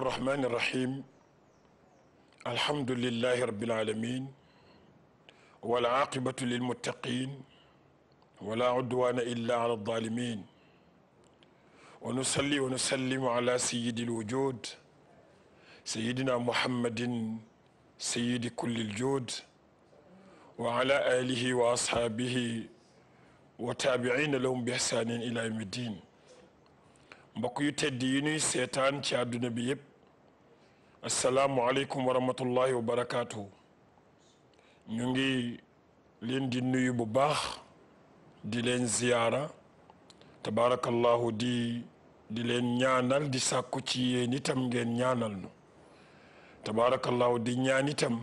الرحمن الرحيم الحمد لله رب العالمين والعاقبة للمتقين ولا عدوان إلا على الظالمين ونصلي ونسلم على سيد الوجود سيدنا محمد سيد كل الجود وعلى آله وأصحابه وتابعين لهم بإحسان إلى يوم الدين mbokk yu tedd yi ñuy seetaan ci àdduna bi yépp asalaamualeykum wa rahmatullahi wa barakaatu ñu ngi leen di nuyu bu baax di leen ziyaara tabaarakallahu di di leen ñaanal di sàkku ci yéen itam ngeen ñaanal nu tabaarakallahu di ñaanitam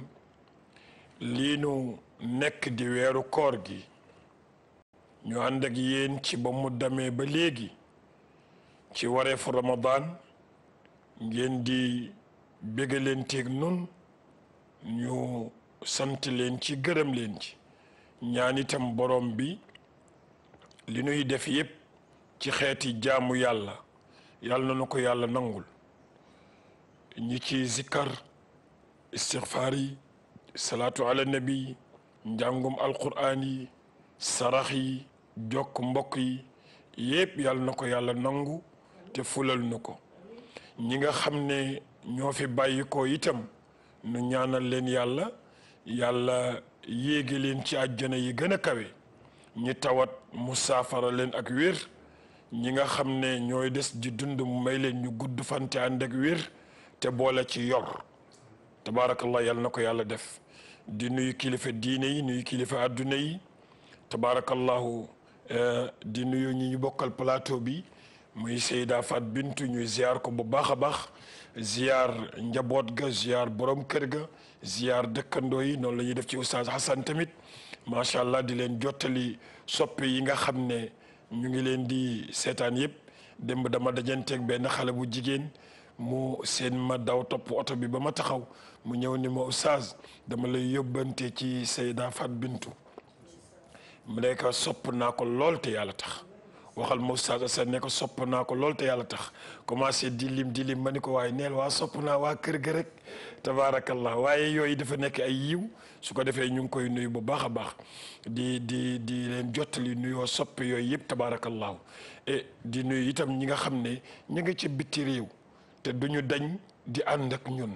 liinu nekk di weeru koor gi ñu ànd ak yéen ci ba mu ba léegi ci wareefu Ramadan ngeen di béga leen teeg nun ñu sant leen ci gërëm leen ci ñaan itam borom bi li nuy def yépp ci xeeti jaamu yàlla yàlla na nu ko yàlla nangul ñi ci zikkar istixfaar yi salaatu ala nabi njàngum alquraan yi sarax yi jokk mbokk yi yépp yàlla na ko yàlla nangu te fulal nu ko ñi nga xam ne ñoo fi bàyyi ko itam nu ñaanal leen yàlla yàlla yéegi leen ci àjjana yi gën a kawe ñi tawat mu saafara leen ak wér ñi nga xam ne ñooy des di dund may leen ñu gudd fante ànd ak wér te boole ci yor tabaarakallah yàlla na ko yàlla def di nuyu kilifa diine yi nuyu kilifa adduna yi tabaarakallahu eh, di nuyu ñi ñu bokkal plateau bi muy Seyda Fat Bintu ñuy ziar ko bu baax a baax ziar njaboot ga ziar borom kër ga ziar dëkkandoo yi noonu la ñuy def ci oustaz Hassan tamit macha allah di leen jottali soppi yi nga xam ne ñu ngi leen di seetaan yëpp démb dama dajanteeg benn xale bu jigéen mu seen ma daw topp oto bi ba ma taxaw mu ñëw ni ma oustaz dama lay yóbbante ci Seyda Fat Bintu mu nekk sopp naa ko lool te yàlla tax. waxal Moussa sa ne ko sopp naa ko lool te yàlla tax commencé di lim di lim ma ni ko waaye neel waa sopp naa waa kër ga rek tabaarakallah waaye yooyu dafa nekk ay yiw su ko defee ñu ngi koy nuyu bu baax a baax di di di leen jottali nuyoo sopp yooyu yëpp tabaarakallah et di nuyu itam ñi nga xam ne ñu ngi ci bitti réew te du ñu dañ di ànd ak ñun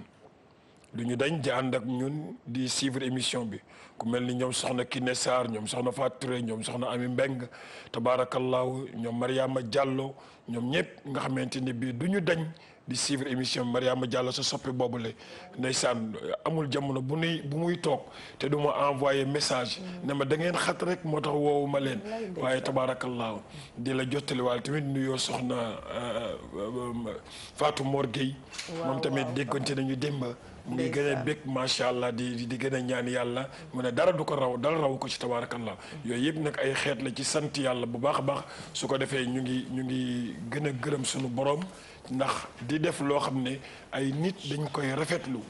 du dañ di ànd ak ñun di suivre émission bi ku mel ni ñoom soxna Kiné Sarr ñoom soxna Fatou Touré ñoom soxna Ami Mbeng tabaarakallaahu ñoom Mariama Diallo ñoom ñëpp nga xamante ni bii du ñu dañ di suivre émission Mariama Diallo sa soppi boobule ndeysaan amul jamono bu nuy bu muy toog te du ma envoyé message ne ma da ngeen xat rek moo tax woowu ma leen waaye tabaarakallaahu di la jottaliwaal tamit nuyoo soxna euh, euh, Fatou Mor Gueye moom tamit déggoon ci nañu démba mu ngi gën a bég macha allah di di gën a ñaan yàlla mu ne dara du ko raw dara raw ko ci la yooyu yëpp nag ay xeet la ci sant yàlla bu baax a baax su ko defee ñu ngi ñu ngi gën a gërëm suñu borom ndax di def loo xam ne ay nit dañ koy rafetlu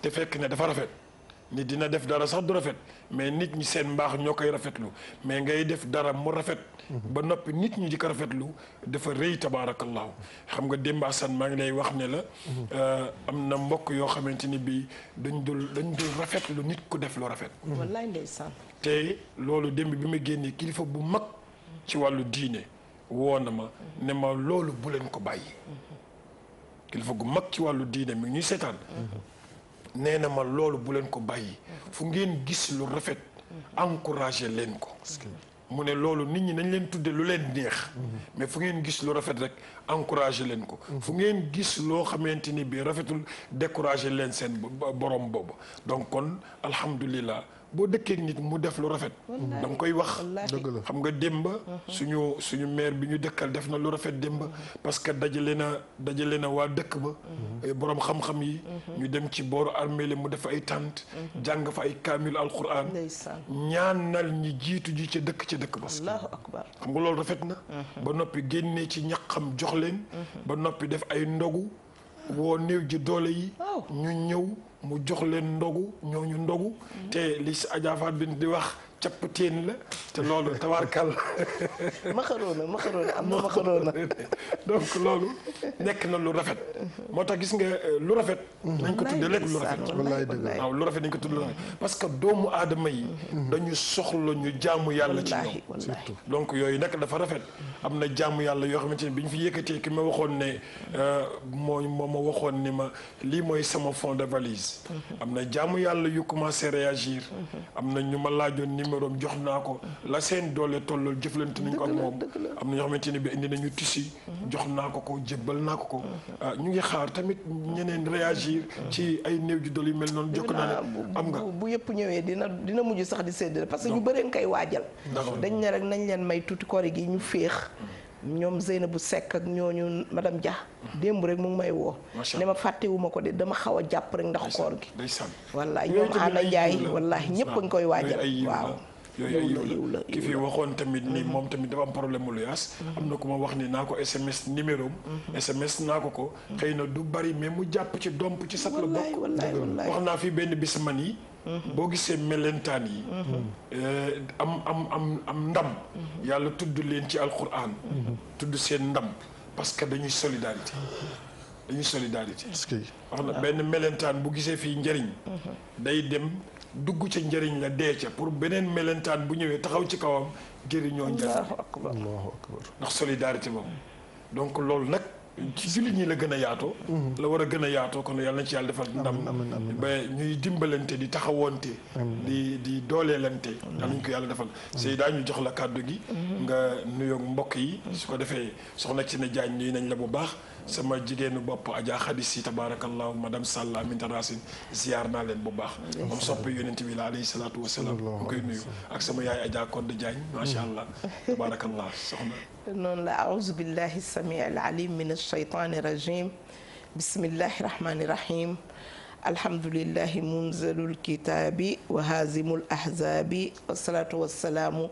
te fekk ne dafa rafet nit dina def dara sax du rafet mais nit ñi seen mbaax ñoo koy rafetlu mais ngay def dara mu rafet ba noppi nit ñi di ko rafetlu dafa rëy tabaarakallaahu xam nga Demba Sane maa ngi lay wax ne la euh, am na mbokk yoo xamante ni bi dañ dul dañ dul rafetlu nit ku def lu rafet wallaay ndeysaan te loolu démb bi ma génnee kilifa bu mag ci wàllu diine woon na ma ne ma loolu bu leen ko bàyyi kilifa gu mag ci wàllu diine mi ngi ñuy seetaan nee na ma loolu bu leen ko bàyyi fu ngeen gis lu rafet encouragé leen ko mu ne loolu nit ñi nañ leen tuddee lu leen neex mais fu ngeen gis lu rafet rek encouragé leen ko fu ngeen gis loo xamante ni bi rafetul découragé leen seen borom boobu donc kon alhamdulilah boo dëkkee nit mu def lu rafet. da nga koy wax. xam nga démba. suñu suñu maire bi ñu dëkkal def na lu rafet démba. parce que dajale na dajale na waa dëkk ba. Mhm. boroom xam-xam yi. Mhm. ñu dem ci booru armeel mu def ay tànt mhm. jàng fa ay kaamil alquran. ñaanal ñi jiitu ji ca dëkk ca dëkk ba. allahu akbar xam nga loolu rafet na. ba noppi génnee ci ñaqam jox leen. ba noppi def ay ndogu. woo néew ji doole yi. ñu ñëw. mu jox leen ndogu ñooñu ndogu. Mm-hmm. te li si Adja di wax. cappateen la te loolu tawarkal ma makaroona am na makaroona donc loolu nekk na lu rafet moo tax gis nga euh, lu rafet nañ ko tudd lépp lu rafet waaw rafet nañ ko tudd lu parce que doomu aadama yi dañu soxla ñu jaamu yàlla ci ñoom donc yooyu nag dafa rafet am na jaamu yàlla yoo xamante ne bi ñu fi yëkkatee ki ma waxoon ne euh, mooy moo ma waxoon ni ma lii mooy sama fond de valise mm-hmm. am na jaamu yàlla yu commencé réagir mm-hmm. am na ñu ma laajoon ni numéro am jox naa ko la seen doole tollool jëflante nañ ko ak moom am na bi indi nañu tissu mhm. jox naa ko ko jébbal naa ko ko mhm. ah, ñu ngi xaar tamit ñeneen mhm. réagir ci ay néew ju doole yu mel noonu jokk naa ne am nga bu yëpp ñëwee dina dina mujj sax di séddale parce que ñu bëreen koy waajal dañ ne rek nañ leen may tuuti koor gi ñu féex ñoom Zeynabu Seck ak ñooñu madame Dia mm-hmm. démb rek mu may woo ne ma fàttewuma ko de dama xaw a jàpp rek ndax koor gi wallaay ñoom Anna Ndiaye wallaay ñépp a ngi koy waajal waaw yooyu la ki fi waxoon tamit ni mm-hmm. moom tamit dafa am problème mu luyaas mm-hmm. am na ku ma wax ni naa ko sms numéro sms naa ko ko xëy na du bari mais mu jàpp ci domp ci sab la bokk wax naa fi benn bis man yi boo gisee melentaan yi eh, am am am ndam yàlla tudd leen ci alquran tudd seen ndam parce que dañuy solidarité dañuy solidarité wax na ah. benn melentaan bu gisee fii njëriñ day dem dugg ca njëriñ la dee ca pour beneen melentaan bu ñëwee taxaw ci kawam jëriñoo njëriñ allahu akbar ndax solidarité boobu donc loolu nag ci jullit ñi la gën a yaatoo mm-hmm. la war a gën a yaatoo kon yàlla na ci yàlla defal ndam ba ñuy dimbalante di taxawante di di dooleelante yàlla nañ ko yàlla defal sëy la kàddu gi mm-hmm. nga nuyoog mbokk yi mm-hmm. su ko defee soxna ci ne jaañ nuyu nañ la bu baax sama jigéenu bopp Adja Khady Sy tabaarakallaahu madame Sall Aminta Racine ziar naa leen bu baax moom soppi yonent bi la alayhi salaatu wasalaam mu koy nuyu ak sama yaay Adja Codé Diagne macha allah tabaarakallaahu soxna noonu la aouzu billahi samii al alim min alsheytaani rajim bismillahi rahmani rahim alhamdulillahi munzalul kitaabi wa haazimul ahzaabi wasalaatu wasalaamu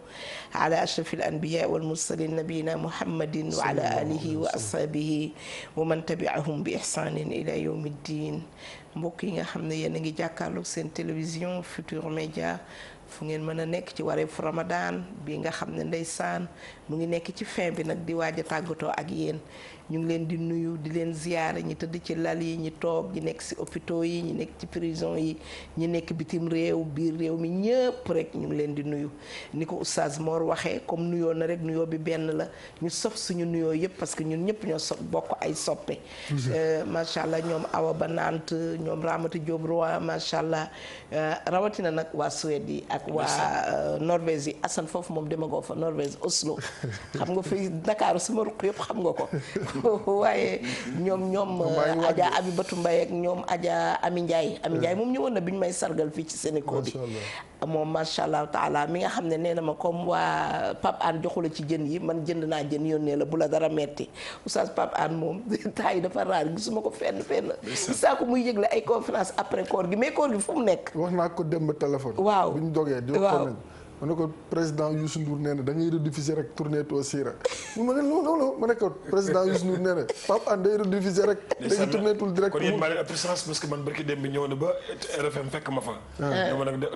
ala ashrafil anbiyaa wal mursalin nabiyina muhammadin wa ala alihi wa ashaabihi wa man tabiahum bi ihsaanin ila yawmi ddin mbokk yi nga xam ne yéen a ngi jàkkaarloog seen télévision Futurs Médias fu ngeen mën a nekk ci wareefu Ramadan bii nga xam ne ndeysaan mu ngi nekk ci fin bi nag di waaj a tàggatoo ak yéen ñu ngi leen di nuyu di leen ziyaara ñi tëdd ci lal yi ñi toog ñi nekk ci hôpitaux yi ñi nekk ci prison yi ñi nekk bitim réew biir réew mi ñëpp rek ñu ngi leen di nuyu ni ko oustaz Mor waxee comme nuyoo na rek nuyoo bi benn la ñu sof suñu nuyoo yëpp parce que ñun ñëpp ñoo sof bokk ay soppe euh, macha allah ñoom Awa Banant ñoom Ramata Diop Roy macha allah euh, rawatina nag waa Suède yi ak waa euh, Norvège yi Assane foofu moom demagoo fa Norvège Oslo xam nga fi Dakar sama ruq yëpp xam nga ko waaye ñoom ñoom euh, Adja batu mbay ak ñoom Adja Ami Ndiaye Ami eh. Ndiaye moom ñëwoon na bi ñu may sargal fii ci seeni Sénégal bi moom macha allah taala mi nga xam ne nee na ma comme waa Pape An joxula ci jën yi man jënd naa jën yónnee la bu la dara metti oustaz Pape An moom temps yi dafa raar ma ko fenn fenn saa ko muy yëgle ay conférence après koor gi mais koor gi fu mu nekk wax naa ko démb téléphone waaw bu ñu dogee di waaw ma ne ko président Youssou Ndour nee na da ngay rediffuser rek tournée to Sira ma ne non ma ne président Youssou Ndour nee na Pape An day rediffuser rek. léegi tournée tout direct. kon yéen maa leen ëpp chance parce que man barki démb ba RFM fekk ma fa.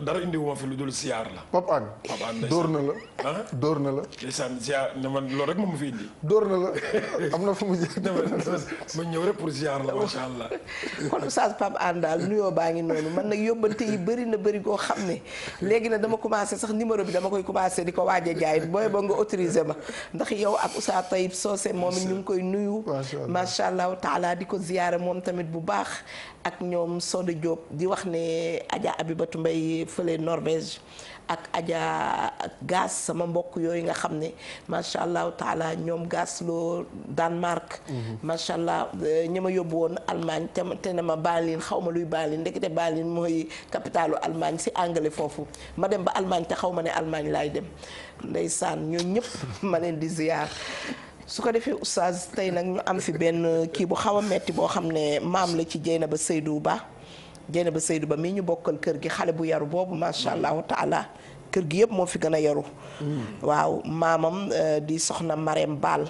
daal nuyoo baa ngi noonu man nag yóbbante yi bëri na koo xam ne léegi nag dama commencé sax numéro bi dama koy commencé di ko waaj a jaay booy ba nga autorisé ma ndax yow ak Oussa Tayib Socé moom it ñu ngi koy nuyu macha allah taala di ko ziyaare moom tamit bu baax ak ñoom Soda Diop di wax ne Adja Abibatu Mbay fële Norvège ak Adja Gaas sama mbokk yooyu nga xam ne macha allah taala ñoom Gaas loo Danemark. Mhm. macha allah eh, ñi ma yóbbu woon Allemagne te te ne ma Berlin xaw ma luy Berlin ndekete Berlin mooy capitalu Allemagne si anglais foofu ma dem ma ne Allemagne laay dem ndeysaan ñooñ ñëpp ma leen di ziar. su ko defee oustaz tey nag ñu am fi benn kii bu xaw a metti boo xam ne maam la ci ba Seydou Ba Dieynaba Seydou Ba mi ñu bokkal kër gi xale bu yaru boobu macha allahu taala kër gi yëpp moo fi gën a yaru mm. waaw maamam euh, di soxna Marème Baal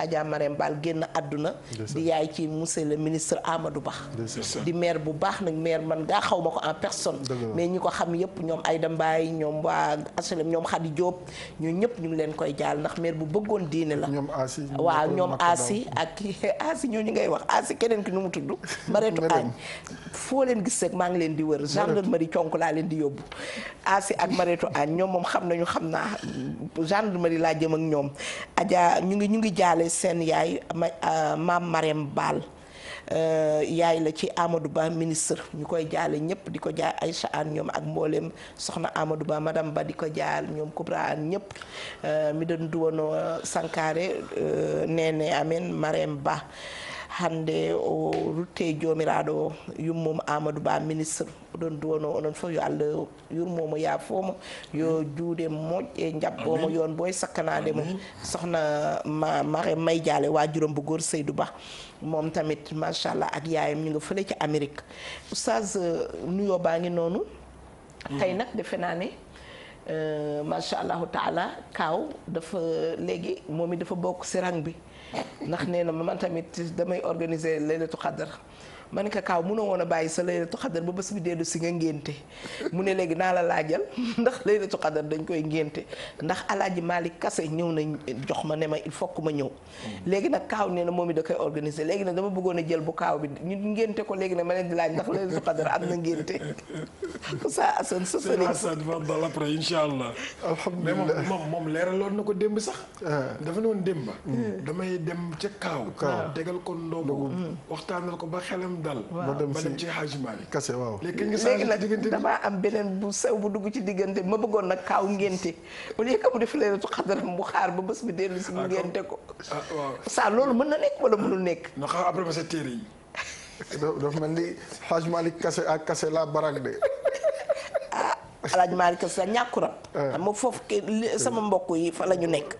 Adja Marème Baal génn àdduna di yaay ci monsieur le ministre Amadou Ba di maire bu baax nag maire man ngaa xaw ma ko en personne mais ñi ko xam yëpp ñoom Aïda Mbaye ñoom waa HLM ñoom Khady Diop ñoo ñëpp ñu ngi leen koy jaal ndax maire bu bëggoon diine la waaw ñoom Asi ak Asi ñoo ñu ngay wax Asi keneen ki nu mu tudd bareetu añ foo leen gis rek maa ngi leen di wër gendarmerie conk laa leen di yóbbu Asi ak Mareetu añ ñoom moom xam nañu xam naa gendarmerie laa jëm ak ñoom seen yaay maam euh, Marème Baal euh, yaay la ci amadu Ba ministre ñu koy jaale ñëpp di ko jaal Aïcha Anne ñoom ak mbooleem soxna Amadou Ba madame Ba di ko jaal ñoom Kubra Anne ñëpp euh, mi doon duwanoo Sankare nee ne amen Marème Ba hande o rutte jomiraɗo yummum amadou ba ministre doon duwano onon fof yo allah yurmomo yafomo yo juuɗe moƴƴe jabbomo yon boye sakkanademo sohna ma may diale wajurom bo gor seydou ba moom tamit allah ak yaayam ñu nga fële ci amérique oustaz euh, nuyoo baa ngi noonu mm. tey nag defe naa ne euh, macha allahu taala kaaw dafa léegi moom it dafa bokk si rang bi ndax nee na man tamit damay organiser laylatu xadar ma ne ko kaaw mënoo woon a bàyyi sa laylatu xadar ba bés bi dellu si nga ngénte mu ne léegi naa la laajal ndax la xadar dañ koy ngénte ndax alaaji maali Kase ñëw na jox ma ne ma il faut que ma ñëw léegi nag kaaw nee na moom it da koy organiser léegi nag dama bëggoon a jël bu kaaw bi ñu ngénte ko léegi nag ma leen di laaj ndax am na ngénte sa asan sa sëriñ asan fadal après incha allah alhamdulilah moom moom leeraloon na ko démb sax ah. dafa ne woon démb hmm. damay dem ca kaaw tegal ko ndogu waxtaanal ko ba xelam am dal ba dem ci Hajji Malick kase waaw léegi nag damaa am beneen bu sew bu dugg ci diggante ma bëggoon nag kaaw ngénte au lieu que mu def leelatu xadaram bu xaar ba bés bi dellu si mu ngénte ko ah, waaw saa loolu mën na nekk wala mënul nekk na xaw après sa téere yi dafa mel ni Hajji Malick kase ak kase la barak de ah, alaaj maari ka sa ñàkku rab ah. xam nga foofu sama mbokk yi fa la ñu nekk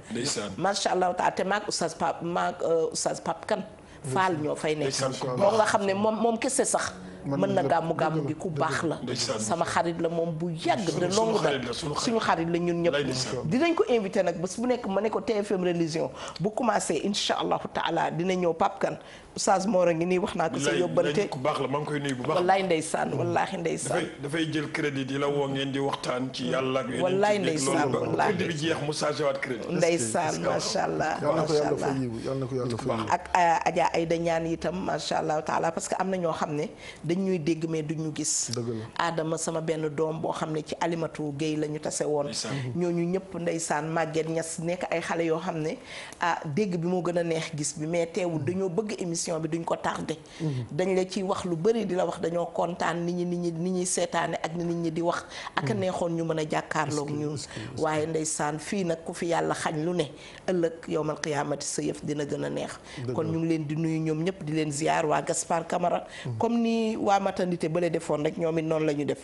macha allah taala te maak oustaz pap maak euh, oustaz pap kan faal ñoo fay nekk moom nga xam ne moom moom kese sax mën na gàmmu gàmmu gi ku baax la sama xarit la moom bu yàgg de longu nag suñu xarit la ñun ñëpp dinañ ko invité nag bés bu nekk ma ne ko TFM religion bu commencé incha allahu taala dina ñëw Pape Kane oustaz Mor a ngi nii wax naa ko sa yóbbante ku baax la maa ngi koy nuyu bu baax wallaay ndeysaan wallaahi ndeysaan dafay jël crédit di la woo ngeen di waxtaan ci yàlla wallaay ndeysaan wallaay bi jeex mu changé waat crédit ndeysaan macha allah macha allah yàlla na ko yàlla fay ak euh, Adja Aïda ñaan itam macha allah taala parce que am na ñoo xam ne dañ ñuy dégg mais du ñu gis aadama sama benn doom boo xam ne ci alimatu géey la ñu tase woon ñooñu ñëpp ndeysaan màgget ñas nekk ay xale yoo xam ne ah dégg bi moo gën a neex gis bi mais teewul dañoo bëgg émission émission bi duñ ko tardé. Mhm. dañu la ciy wax lu bëri di la wax dañoo kontaan nit ñi nit ñi nit ñi seetaane ak nit ñi di wax. ak mhm. neexoon ñu mën a jàkkaarlook ñun. waaye ndey saan fii nag ku fi yàlla xañ lu ne ëllëg yowmal qiyaamati sa yëf dina gën a neex kon ñu ngi leen di nuyu ñoom ñëpp di leen ziar waa Gaspard Camara mhm. comme ni waa maternité bële defoon rek ñoom it noonu lañu ñu def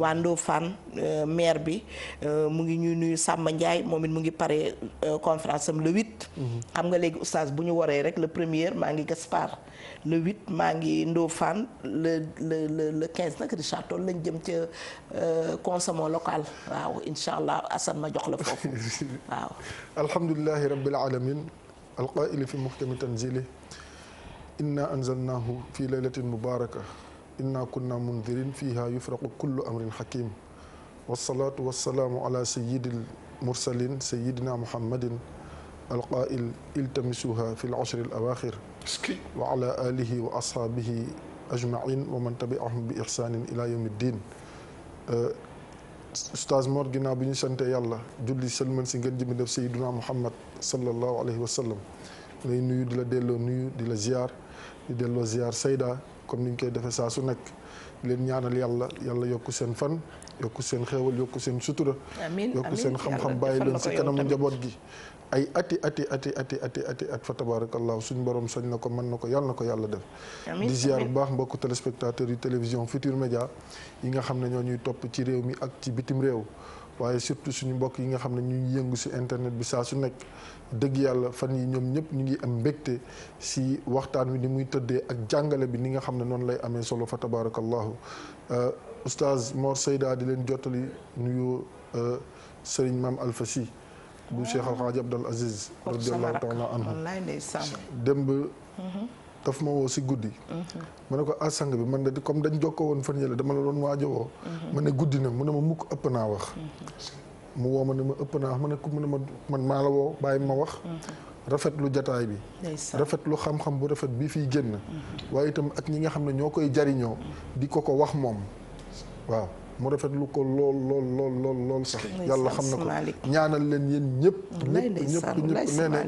waa Ndofane euh, maire bi euh, mu ngi ñuy nuyu Samba Ndiaye moom it mu ngi pare euh, conférence am le huit mhm. xam nga léegi oustaz bu ñu waree rek le premier maa ngi Gaspard le 8 maa ngi Ndofane le le le le 15 nag Richard Toll lañ jëm ca euh, consommation locale waaw incha allah ma jox la foofu waaw. alhamdulilahi rabbil alamin alqaili fi muhkami tanzili inna anzalnahu fi laylatin mubaraka inna kunna mundirin fiha yufraqu kullu amrin hakim wasalaatu wasalaamu ala sayyidil mursalin sayyidina muhammadin alqaa'il iltamisuha fi l-ashri l-awaaxir wa ala alihi wa ashaabihi ajmain wa man tabiahum bi ihsaanin ila yawmi ddin Oustaz Mor ginnaaw bi ñu sante yàlla julli sëlman si ngeen jëmi def sayyiduna Muhammad sallallahu alayhi wa sallam lay nuyu di la delloo nuyu di la ziar di delloo ziar sayda comme ni ñu koy defee saa su nekk leen ñaanal yàlla yàlla yokk seen fan yokk seen xéewal yokk seen sutura yokk seen xam-xam bàyyi leen si kanam njaboot gi ay ati ati ati ati ati ati at fa tabaarakallaahu suñ borom sañ na ko mën na ko yàlla na ko yàlla def di ziar bu baax mbokku téléspectateurs yu télévision Futur Média yi nga xam ne ñoo ñuy topp ci réew mi ak ci bitim réew waaye surtout suñu mbokk yi nga xam ne ñu yëngu si internet bi saa su nekk dëgg yàlla fan yi ñoom ñëpp ñu ngi am mbégte si waxtaan wi ni muy tëddee ak jàngale bi ni nga xam ne noonu lay amee solo fa tabarakallahu euh, oustaz Mor Seyda di leen jottali nuyu euh, sëriñ Maam Alfa Sy bu Cheikh Alxaaji Abdal Aziz radiallahu taala anhu démb mm-hmm. daf ma woo si guddi. Mhm. ma ne ko asang ah bi man de comme dañ jokkoo woon fan dama la doon waaj woo. Mhm. ma ne guddi na mu na ma mukk ëpp naa wax. Mhm. mu woo ma ne ma ëpp naa wax ma ne ko mu ne ma man maa la woo bàyyi ma wax. lu jataay bi. rafetlu xam-xam bu rafet bi fiy génn. waaye itam ak ñi nga xam ne ñoo koy jariñoo. di ko ko wax moom waaw. mu rafet lu ko lool lool lool lool lool sax yàlla xam na ko ñaanal leen yéen ñëpp ñëpp ñëpp ñëpp nee na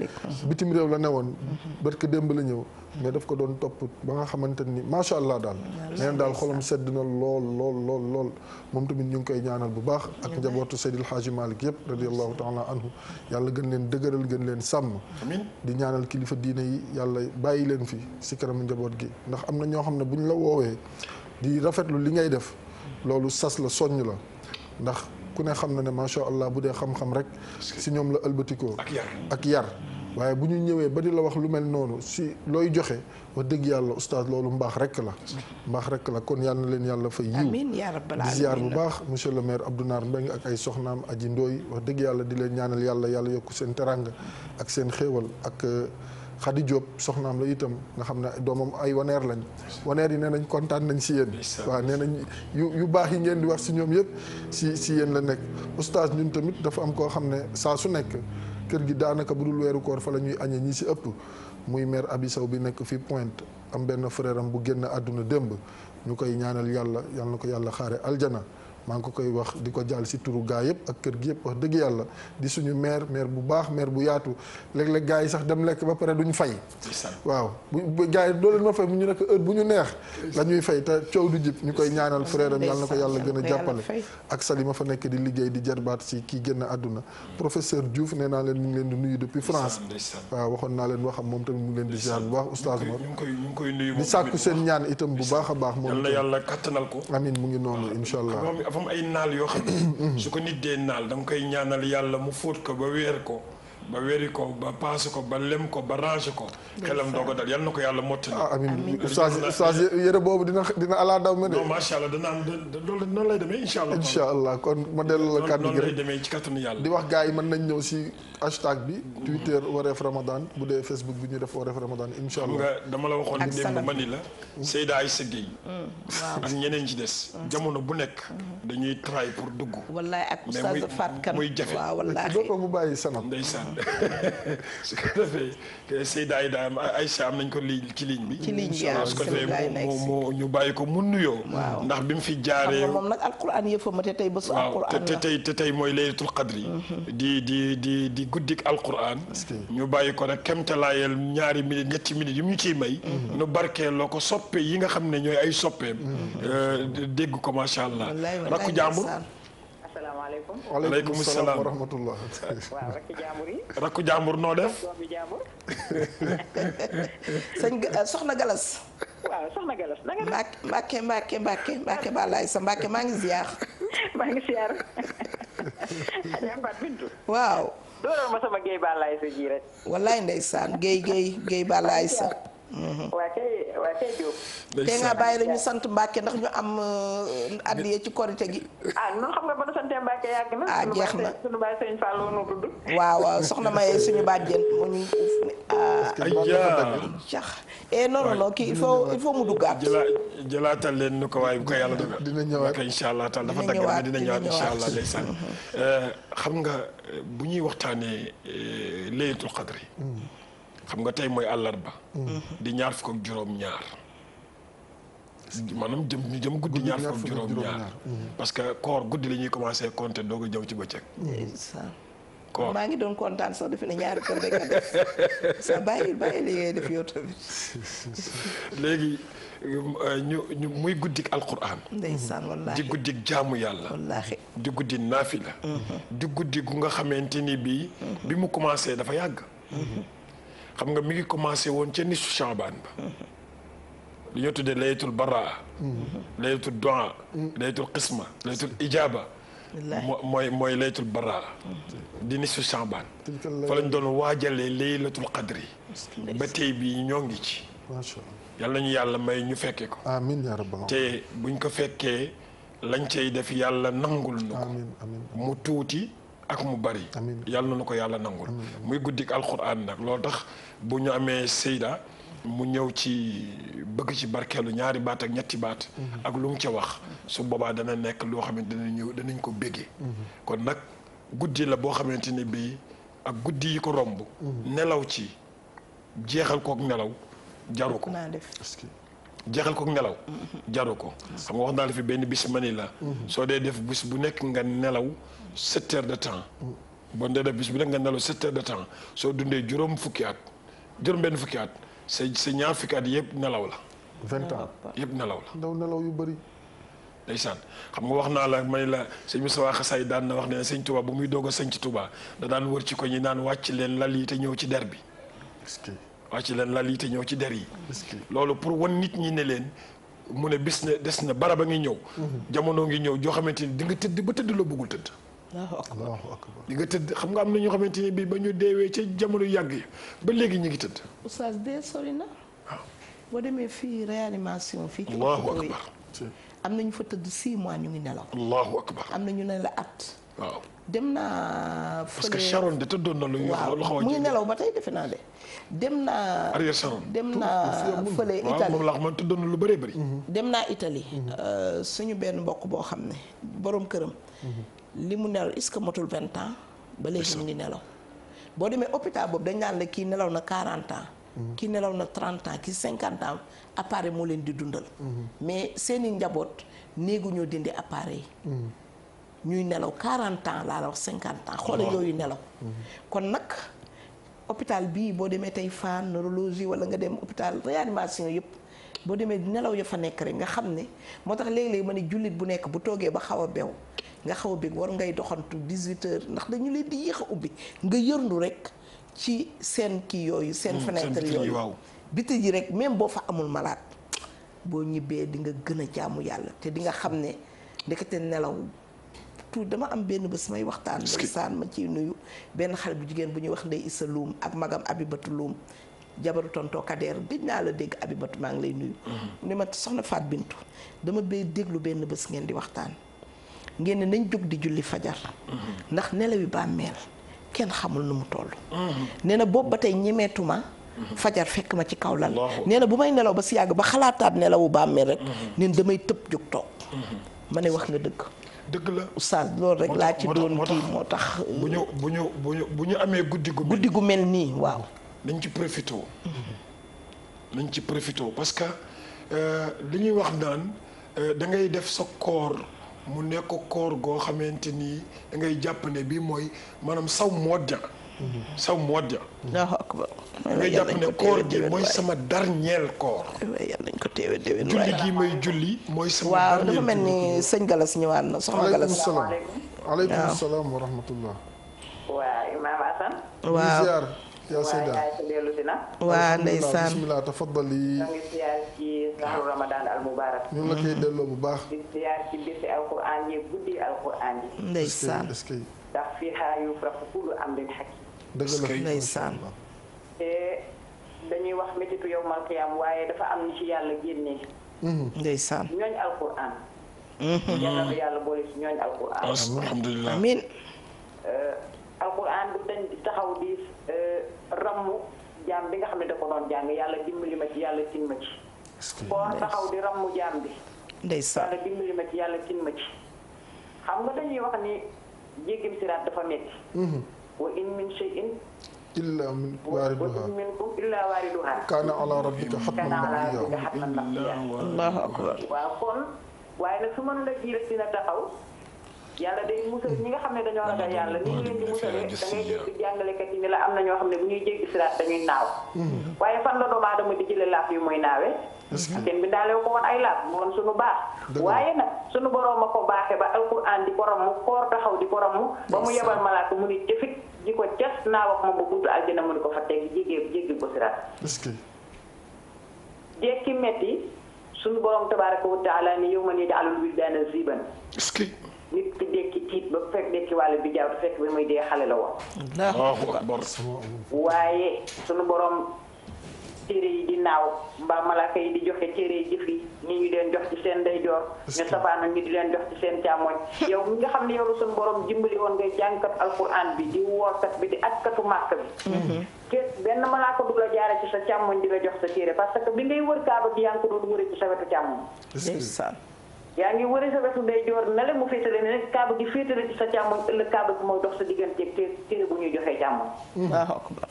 bitim réew la newoon mhm. barke démb la ñëw mais daf ko doon topp ba nga xamante ni macha allah daal nee daal xolam sedd na lool lool lool lool moom tamit ñu ngi koy ñaanal bu baax ak njabootu Seydil Hadji Malick yëpp radiallahu taala anhu yàlla gën leen dëgëral gën leen sàmm di ñaanal kilifa diine yi yàlla bàyyi leen fi si kanamu njaboot gi ndax am na ñoo xam ne bu ñu la woowee di rafetlu li ngay def loolu sas la soññ la ndax ku ne xam na ne macha allah bu dee xam-xam rek si ñoom la ëlbatikoo ak yar ak yar waaye bu ñu ñëwee ba di la wax lu mel noonu si looy joxe wax dëgg yàlla oustaz loolu mbaax rek la mbaax rek la kon yal na leen yàlla fay yiw di bu baax monsieur le maire Abdou Nar Mbeng ak ay soxnaam aji ndooy wax dëgg yàlla di leen ñaanal yàlla yàlla yokk seen terang ak seen xéewal ak Khady Diop soxnaam la itam nga xam ne doomam ay waneer lañ waneer yi nee nañ kontaan nañ si yéen waa nee nañ yu yu baax yi ngeen di wax si ñoom yëpp si si yéen la nekk oustaz ñun tamit dafa am koo xam ne saa su nekk kër gi daanaka bu dul weeru koor fa la ñuy añee ñi si ëpp muy maire Abi Sow bi nekk fii point am benn frère bu génn àdduna démb ñu koy ñaanal yàlla yàlla na ko yàlla xaare aljana maa ngi ko koy wax di ko jàll si turu gaa yëpp ak kër gi yëpp wax dëgg yàlla di suñu maire maire bu baax maire bu yaatu léeg-léeg gaa yi sax dem lekk ba pare duñ fay waaw gaa yi doo leen ma fay mu ñu nekk heure bu ñu neex la ñuy fay te coow du jib ñu koy ñaanal frère am yàlla ko yàlla gën a jàppale ak sali ma fa nekk di liggéey di jarbaat si kii génn àdduna professeur Diouf nee naa leen mu ngi leen di nuyu depuis France waaw waxoon naa leen waxam moom tamit leen di ziar bu ñaan itam bu baax a baax moom yàlla yàlla kattanal ko amiin mu ngi noonu incha allah dafa ay naal yoo xam su ko nit dee naal dama koy ñaanal yàlla mu fóot ko ba weer ko ba wéri ko ba paase ko ba lem ko ba rangé ko xelam dooga dal yal na ko yàlla mottali ah, amiin oustaz oustaz yére boobu dina dina alaa daw ma de macha allah am loolu noonu lay demee incha allah ma dellu la kàddu gi noonu lay demee ci wax gars yi mën nañ ñëw si bu dee facebook bi ñu def wareef ramadan incha allah nga dama la waxoon ni démb ma ni mm, ak ñeneen ci des mm. jamono bu nekk mm-hmm. dañuy try pour dugg wallaay ak oustaz Fat Kane muy jafe waaw bàyyi sanam su ko defee Seyda Aïda am Aïcha am nañ ko ligne ci ligne bi. ci ligne bi waaw ñu bàyyi ko mu nuyoo. ndax bi mu fi jaaree. moom nag alquran ma te tey bésu alquran tey te tey mooy laylatul qadri. Mhm. di di di di guddik alquran. ñu bàyyi ko rek kemtalaayal ñaari minute ñetti minute yu mu ñu ciy may. Mhm. nu loo ko soppe yi nga xam ne ñooy ay soppeem. Mhm. Euh, dégg ko macha allah. rakku jàmbur asalaamaaleykum. waaleykum salaam rahmatullah. waaw jaambur noo def. doomi jaambur. Uh, soxna Galas. waaw soxna Galas na nga sa Mbacke maa ngi ziar. maa ngi ziar. waaw. dooral ma sama géey Balaye sa ji rek. wallaay ndeysaan géey géey géey Balaye sa. Mm-hmm. waa kay nga bàyyi la sant Mbacke ndax ñu am uh, addiye ci korite gi. ah non ah, jeex na waaw waaw soxna Maye suñu bàjjen mu ñu. Ah. ayca eh non non kii il faut il faut mu duggaat. jëla jëlaatal leen nu ko waaye bu ko yàlla dogal. dina ñëwaat incha allah taal dafa dagg mais dina ñëwaat incha allah mm-hmm. eh, xam nga bu ñuy waxtaanee eh, laylatul qadri. xam nga tey mooy àllarba. Mm-hmm. di ñaar fukk ak juróom-ñaar. maanaam jëm ñu jëm guddi ñaar fukk ak juróom-ñaar. Mm-hmm. parce que koor guddi la ñuy commencé compter doog jëm ci bëccëg. koor maa ngi doon kontaan sax defe ne ñaari kër rek a sa bàyyi léegi ñu muy guddik alquran. ndeysaan di guddik jaamu yàlla. wallaahi di guddi naafila. Mm-hmm. di guddi gu nga xamante ni bii. bi mu commencé dafa yàgg. xam nga mi ngi commencé woon ca nisu Chaban ba li ñoo tuddee laylatul baraa laylatul du'a laylatul qisma laylatul ijaba mooy mooy laylatul baraa di nisu Chaban fa lañ doon waajalee laylatul qadri ba tey bi ñoo ngi ci yàlla ñu yàlla may ñu fekke ko amiin yaa rabbal te buñ ko fekkee lañ cay def yàlla nangul nu ko mu tuuti ak mu bari yàlla na ko yàlla nangul muy guddik alquran nag loolu tax bu ñu amee Seyda mu ñëw ci bëgg ci barkeelu ñaari baat ak ñetti baat mhm. ak lu mu ca wax su boobaa dana nekk loo xamante dana ñëw danañ ko béggee mhm. kon nag guddi la boo xamante ni bii ak guddi yi ko romb mhm. nelaw ci jeexal kook nelaw jaru ko jeexal kook nelaw jaru ko xam wax naa la fi benn bis ma ni la soo dee def bis bu nekk nga nelaw sept de temps bon dee def bis bu nekk nga nelaw sept de temps soo dundee juróom fukki at juróom benn fukki at sa sa ñaar fukki at yëpp nelaw la. vingt ans yëpp nelaw la. ndaw nelaw yu bëri. ndeysaan xam nga wax naa la may la sëñ Moustapha Xasaay daan na wax ne sëñ Touba bu muy doog a sëñ ci Touba da daan wër ci ko ñi naan wàcc leen lal yi te ñëw ci der bi. wàcc leen lal yi te ñëw ci der yi. loolu pour wan nit ñi ne leen mu ne bis na des na baraba ngi ñëw. Mhm. jamono ngi ñëw joo xamante ni di tëdd ba tëdd loo bëggul tëdd. allahu akbar di tëdd xam nga am na ñoo xamante ni bii ba ñu deewee ca jamono yàgg ba léegi ñu ngi tëdd. oustaz dee sori na. boo demee fii réanimation fii. allahu akbar am na fa tëdd 6 mois ñu ngi nelaw. am na ñu ne la at. dem naa. parce que Sharon de tëddoon na lu ñu. waaw mu ngi nelaw ba tey defe naa de. dem naa. arrière Sharon dem naa fële Italie moom la xam tëddoon na lu bëree bëri. dem naa Italie. Mhm. Euh, suñu benn mbokk boo xam ne boroom këram. Mhm. li mu nelaw est-ce que motul vingt ans ba léegi mu ngi nelaw boo demee hôpital boobu dañ naan la kii nelaw na quarante ans mm-hmm. kii nelaw na trente ans kii cinquante ans appareil moo leen di dundal mm-hmm. mais seeni njaboot néegu ñoo dindi appareil yi mm-hmm. ñuy nelaw quarante ans laa la wax cinquante ans xoolal yooyu nelaw kon nag hôpital bii boo demee tey Fann neurologie wala nga dem hôpital réanimation yëpp boo demee nelaw ya fa nekk rek nga xam ne moo tax léegi léeg ma ne jullit bu nekk bu toogee ba xaw a bew nga xaw a bég war ngay doxantu 18 heures ndax dañu leen di yéex a ubbi nga yërndu rek ci seen kii yooyu seen hmm, fenêtre yooyu biti ji rek même boo fa amul malaat boo ñibbee di nga gën a jaamu yàlla te di nga xam ne ndekete nelaw tout dama am benn bés may waxtaan ndeysaan ma ciy nuyu benn xale bu jigéen bu ñuy wax ndey Issa Loum ak magam Abibatu Loum jabaru tontoo kadeer gëj naa la dégg Abibatu maa ngi lay nuyu hmm. mu ne ma soxna Faat Bintu dama bay déglu benn bés ngeen di waxtaan ngeen ne nañ jóg di julli fajar. ndax nelawi bàmmeel kenn xamul nu mu toll. nee na boobu ba tey ñemeetuma fajar fekk ma ci kaw lal nee na bu may nelaw ba si yàgg ba xalaataat nelawu bàmmeel rek. Mhm. neen damay tëb jóg toog. Mhm. ma ne wax nga dëgg. dëgg la oustaz loolu rek laa ci doon kii moo tax. bu ñu bu ñu bu ñu bu ñu amee guddi gu. guddi gu mel nii waaw. dañ ci profité. nañ ci profité mhm. parce que euh, li wax naan euh, da ngay def sa koor. mu nekk koor goo xamante ni dangay ngay bi mooy manam saw moodja saw moodja da ngay jàpp ne gi mooy sama dernier koor ko teewee julli gi may julli mooy sama waaw dafa mel ni sëñ Galas ñëwaat na soxna Galas salaam waaw waa ndeysaan bisimilah tafaddali. ñoo ngi ziar ci sahru Ramadan al mubarak. bu baax. di ziar ci dañuy wax métitu yowmal qiyaam am ni yàlla génnee. Mm-hmm. ndeysaan ñooñ alquran. Mm-hmm. yàlla na yàlla boole euh, du dañ taxaw di. Euh, rammu jaam bi nga xam ne da ko doon jàng yàlla dimbali ma ci yàlla tin ma ci. koor taxaw di rammu bi. ndeysaan yàlla dimbali ma yàlla tin ma ci. xam nga dañuy wax ni jéggim siraat dafa metti mhm. wa in min shay'in illa min waariduha wa in minkum illa waariduha kaana ala rabbika hatman maqdiya allahu akbar waaw kon waaye nag su mënula jiir dina taxaw yàlla day musal ñi nga xam ne dañoo ragal yàlla ni ñu leen di musalee da ngay dégg jàngalekat yi ni la am na ñoo xam ne bu ñuy jéggi siraat dañuy naaw mm-hmm. waaye fan la doomu aadama di jële laaf yi muy naawee kenn bi daalew ko woon mu woon suñu waaye nag suñu boroom a ko baaxe ba alquran di ko koor taxaw di ko ba mu yebal malaaka mu ni jëfit di ko cas naaw ak moom ba buntu aljana mu ni ko fa teg jéggi jéggi ko siraat jekki metti suñu boroom tabaaraka wa taala ni yow ma ni ziban nit ki dekki tiit ba fekk dekki wàll bi jaaw fekk bi muy dee xale la woon waaye sunu boroom téere yi di naaw mbaa malaaka yi di joxe téere yi jëf yi ñi ñu leen jox ci seen ndeyjoor ñu safaano ñu di leen jox ci seen càmmoñ yow mi nga xam ne yow suñu borom jimbali woon ngay jàngkat alquran bi di woorkat bi di ak ajkatu màkk bi kés mhm. benn malaaka du la jaare ci sa càmmoñ di la jox sa téere parce que bi ngay wër kaaba bi yaa ngi ko doon wëre ci sa wetu càmmoñ yaa ngi wëri sa wetu ndeyjoor na le mu féetale ne nag kaaba gi féetale ci sa càmmoñ ëllëg kaaba gi mooy dox sa digganteeg te téere bu ñuy joxee càmmoñ. waaw mm-hmm. akbar.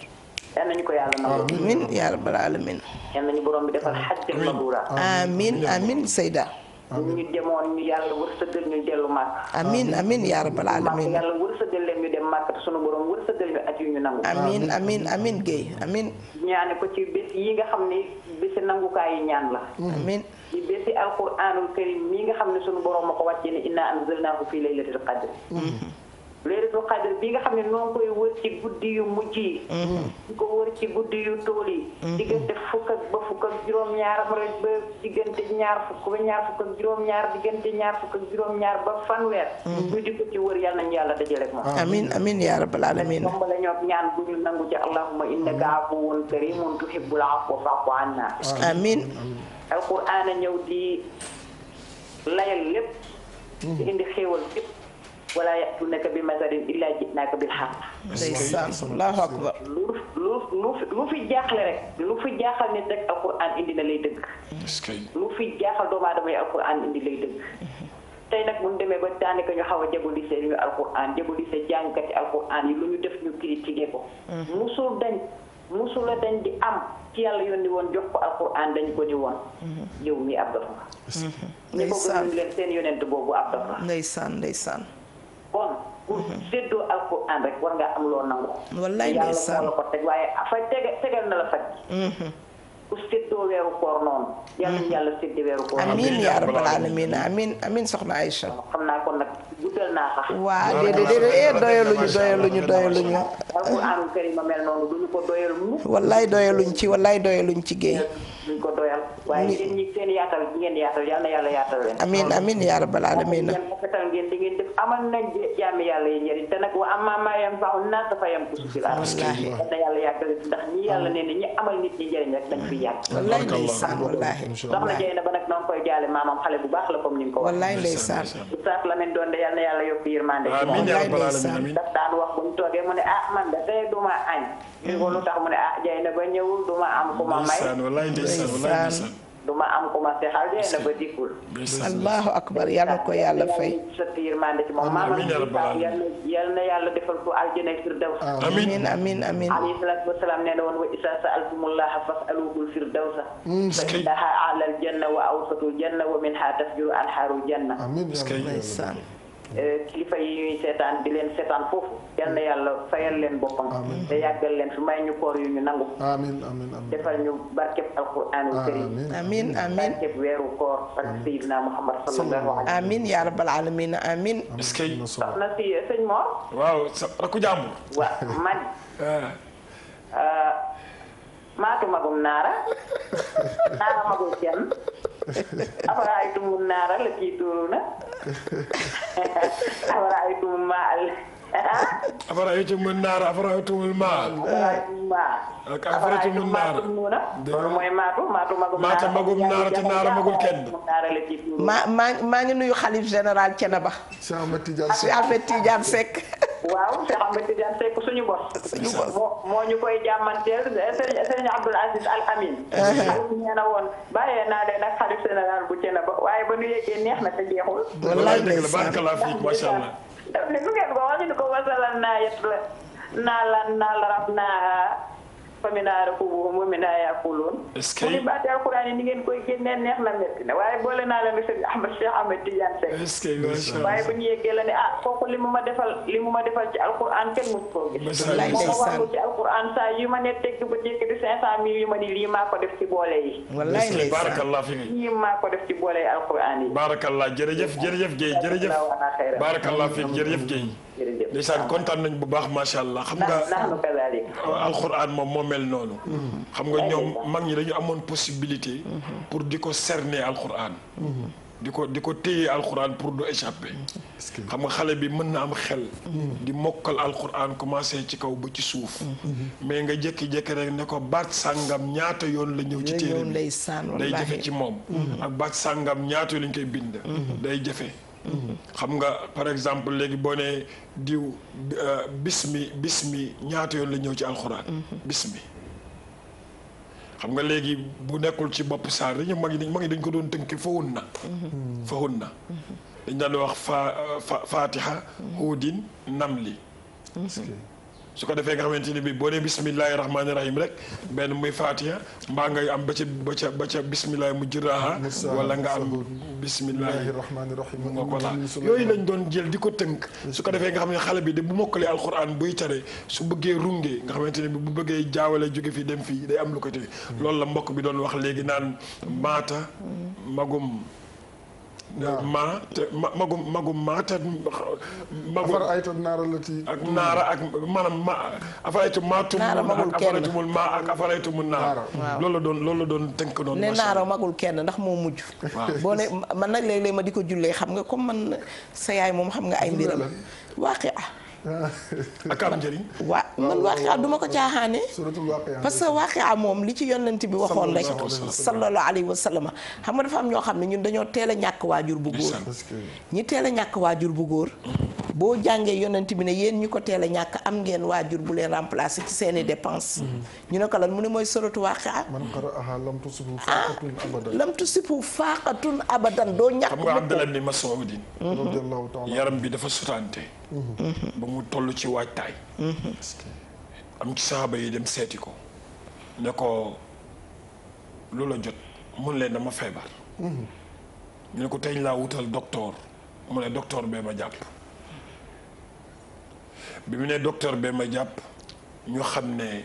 yal nañu ko yàlla nangu. amiin yaa rabbal aalamiin. yal nañu borom bi defal xaj. amiin amiin Seyda. bu ñu demoon ñu yàlla wërsëgal ñu dellu màkk. amiin amiin yaa rabbal aalamiin yàlla wërsëgal leen ñu dem màkk te sunu borom wërsëgal ñu at yu ñu nangu. amiin amiin amiin Guèye amiin. ñaane ko ci bés yi nga xam ni bési nangukaayu ñaan la. amiin ci bési alquranul karim mii nga xam ne sunu borom ma ko wàccee ne inna anzalnaahu fii laylatil qadr mm-hmm. leelatul xadr bi nga xam ne noo ngi koy wër ci guddi yu mujj yi mm-hmm. di ko wër ci guddi yu tool yi mm-hmm. diggante fukk ak ba fukk ak juróom-ñaar diggante ñaar fukk ba ñaar fukk ak juróom-ñaar diggante ñaar ñaar ba fanweer mm-hmm. ñu di ko ci wër yàlla nañu yàlla dajale ak moom amin amin yaa rabbal alamin moom la ñoo ñaan bu ñu nangu ci allahumma innaka afuwun karimun tuhibbul afwa fa'fu anna amin alquran a ñëw di layal lépp di indi xéewal lépp wala ya'tuunaka bi masalin illaa ji'naaka bil haqq. ndeysaan allahu akbar. lu lu fi jaaxle rek lu fi jaaxal nit rek alquran indi na lay dëgg. lu fi jaaxal doomu aadama yi alquran indi lay dëgg. tey nag bu ñu demee ba daanaka ñu xaw a jabolise ñu alquran jabolise jàngkati alquran yi lu ñu def ñu critiqué ko. Mhm. musul dañ musula dañ di am ci yàlla yónni woon jox ko alquran dañ ko di woon. Mhm. yow mi ab dof nga. ndeysaan ñu ko gënuñ leen seen yonent boobu ab dof nga. ndeysaan ndeysaan. bon pour am loo nangu. wallaay ndeysaan yàlla ko teg waaye afay tege na la faj. Mm-hmm. ku séddoo yàlla na mm-hmm. yàlla séddee weeru koor. soxna Aïcha. xam naa kon nag guddal naa sax. waaw déedéet déedéet eh doyaluñu doyaluñu doyaluñu. alxuraanul karim ma mel noonu duñu ko doyal mu. wallaay doyaluñ ci wallaay doyaluñ ci géey. ko doyal. waaye yéen ñi seen yaatal gi ngeen yaatal yal na yaatal leen. amiin amiin yaa rabbal aalamiin. ngeen di ngeen def amal na jaami yàlla yi te nag wa amma maa yanfa'u fa yamkutu fil ard. wallaahi yal na yàlla yaatal ndax ñi yàlla nee na ñi amal nit ñi njëriñ rek dañ fi yàgg. wallaahi ndeysaan wallaahi. soxna Dieng ba nag noo ngi koy jaale maamam baax la comme ko waxee. wallaahi ndeysaan. doon de yal na yàlla yokk yërmande. amiin yaa rabbal aalamiin daan wax bu ñu toogee mu ne ah man de tey duma añ gis nga lu tax mu ne ah jay na ba ñëwul du ma am ku ma may du ma am ku ma seexal jay na ba dikkul allahu akbar yal na ko yàlla fay sa piir mande ci moom maama yal na yàlla defal ko aljana firdaws amin amin amin alayhi salaatu wasalaam nee na woon wa isa saaltumullaha fasaluhul firdawsa mm, fa innaha alal janna wa awsatul janna wa minha tasbiru anharu janna amin Euh, kilifa yi seetaan di leen seetaan foofu yal na yàlla fayal leen boppam te yàggal leen fi may ñu koor yu ñu nangu amiin amiin amiin defal ñu barkeb alquraan karim amiin amiin barkeb weeru koor ak sayyidina muhammad sallallahu alayhi amiin yaa rabbal alamin amiin est-ce euh, waaw sa rakku jàmbur waaw man ah. euh, magum naara naara magum kenn أفرأيتم النار التي تورون أفرأيتم الماء أفرأيتم النار أفرأيتم الماء أفرأيتم النار maata magum naara te naara magul kenn maa maa maa ngi nuyu xalif général Thiénaba Cheikh Ahmed Tidiane Seck waaw Cheikh Ahmed Tidiane Seck suñu bos. suñu bos moo ñu koy jàmmanteel sëriñ sëriñ Abdoul Aziz Al Amin. nee na woon bàyyee naa leen ak xalif général bu cee na ba waaye ba nu yeggee neex na te jeexul. wallaay dëgg la barakallah fiik macha allah. daf ne ku ngeen ko wax ñu ko wasalal naa yet la naa lan naa larab naa. famina rakubuhum wa min yaakuloon mu ni baati alquran yi ni ngeen koy génnee neex na metti na waaye boole naa la monsieur Ahmed Cheikh Ahmed Tidiane Seck waaye bu ñu yeggee la ne ah kooku li mu ma defal li mu ma defal ci alquran kenn mu koo gis moo ma wàllu saa yu ma ne tegg ba jékk di cinq cent mille yu ma ni lii ko def ci boole yi wallaay barakallah fi lii ko def ci boole yi alquran yi barakallah jërëjëf jërëjëf Guèye jërëjëf barakallah fi jërëjëf Guèye jërëjëf ndeysaan kontaan nañ bu baax macha allah. xam nga alxuraan moom moo mel noonu. Mm-hmm. xam nga ñoom mag ñi dañu amoon possibilité. Mm-hmm. pour di ko cerner alxuraan. Mm-hmm. di ko di ko téye alxuraan pour du échapper. xam nga xale bi mën na am xel. di mokkal alxuraan commencé ci kaw bu ci suuf. mais nga jékki-jékki rek ne ko baat sàngam ñaata yoon la ñëw. ci téere bi day jafe ci moom. ak baat sàngam ñaata lañ koy bind. day jafe. xam nga par exemple léegi boo nee diw euh, bismi bismi ñaata yoon la ñëw ci alxuraan. bismi xam nga léegi bu nekkul ci bopp saar dañu mag ñi mag ñi dañ ko doon tënke fawun na fawun na dañ daan wax fa fatiha nam li su ko defee nga xamante ni bi boo ne bismillahi rahmaani rahim rek benn muy faatiha mbaa ngay am ba ca ba ca ba ca bismillahi mu jiraaha wala nga am bismillahi rahmaani rahim nga voilà yooyu lañ doon jël di ko tënk su ko nga xam ne xale bi de bu mokkalee alquran buy tare su bëggee rungee nga xamante ni bi bu bëggee jaawale jóge fii dem fii day am lu ko téye mm. loolu la mbokk bi doon wax léegi naan maata magum maa te ma magum magum maa te magum ay ayta naara la ci ak naara ak maanaam ma afar aytu maatum ak afar aytumul maa ak afar aytumul naara loolu la doon loolu la doon tënk noonu magul kenn ndax moo mujj boo ne man nag léeg-léeg ma di ko jullee xam nga comme man sa yaay moom xam nga ay mbiram waaqi ah Ah. ak am njëriñ. waaw man waaqia du ma ko caaxaane. parce que waaqia moom li ci yonent bi waxoon rek. sallallahu alayhi wa sallam xam nga dafa am ñoo xam ne ñun dañoo teel a ñàkk waajur bu góor. ñi teel a ñàkk waajur bu góor. boo jàngee yonent bi ne yéen ñu ko teel a ñàkk am ngeen waajur bu leen remplacer ci seeni dépense mm-hmm. ñu ne ko lan mu ne mooy suratu waaqia lam tusibu ah, faaqatun abadan doo ñàkk xam nga Abdallah ibn Mas'ud mm-hmm. yaram bi dafa sutaante ba mu toll ci waajtaay am ci saaba yi dem seeti ko ne ko loola jot mën leen dama feebar ñu ne ko teñ laa wutal docteur mu ne docteur bee ma jàpp bi mu ne docteur bee ma jàpp ñu xam ne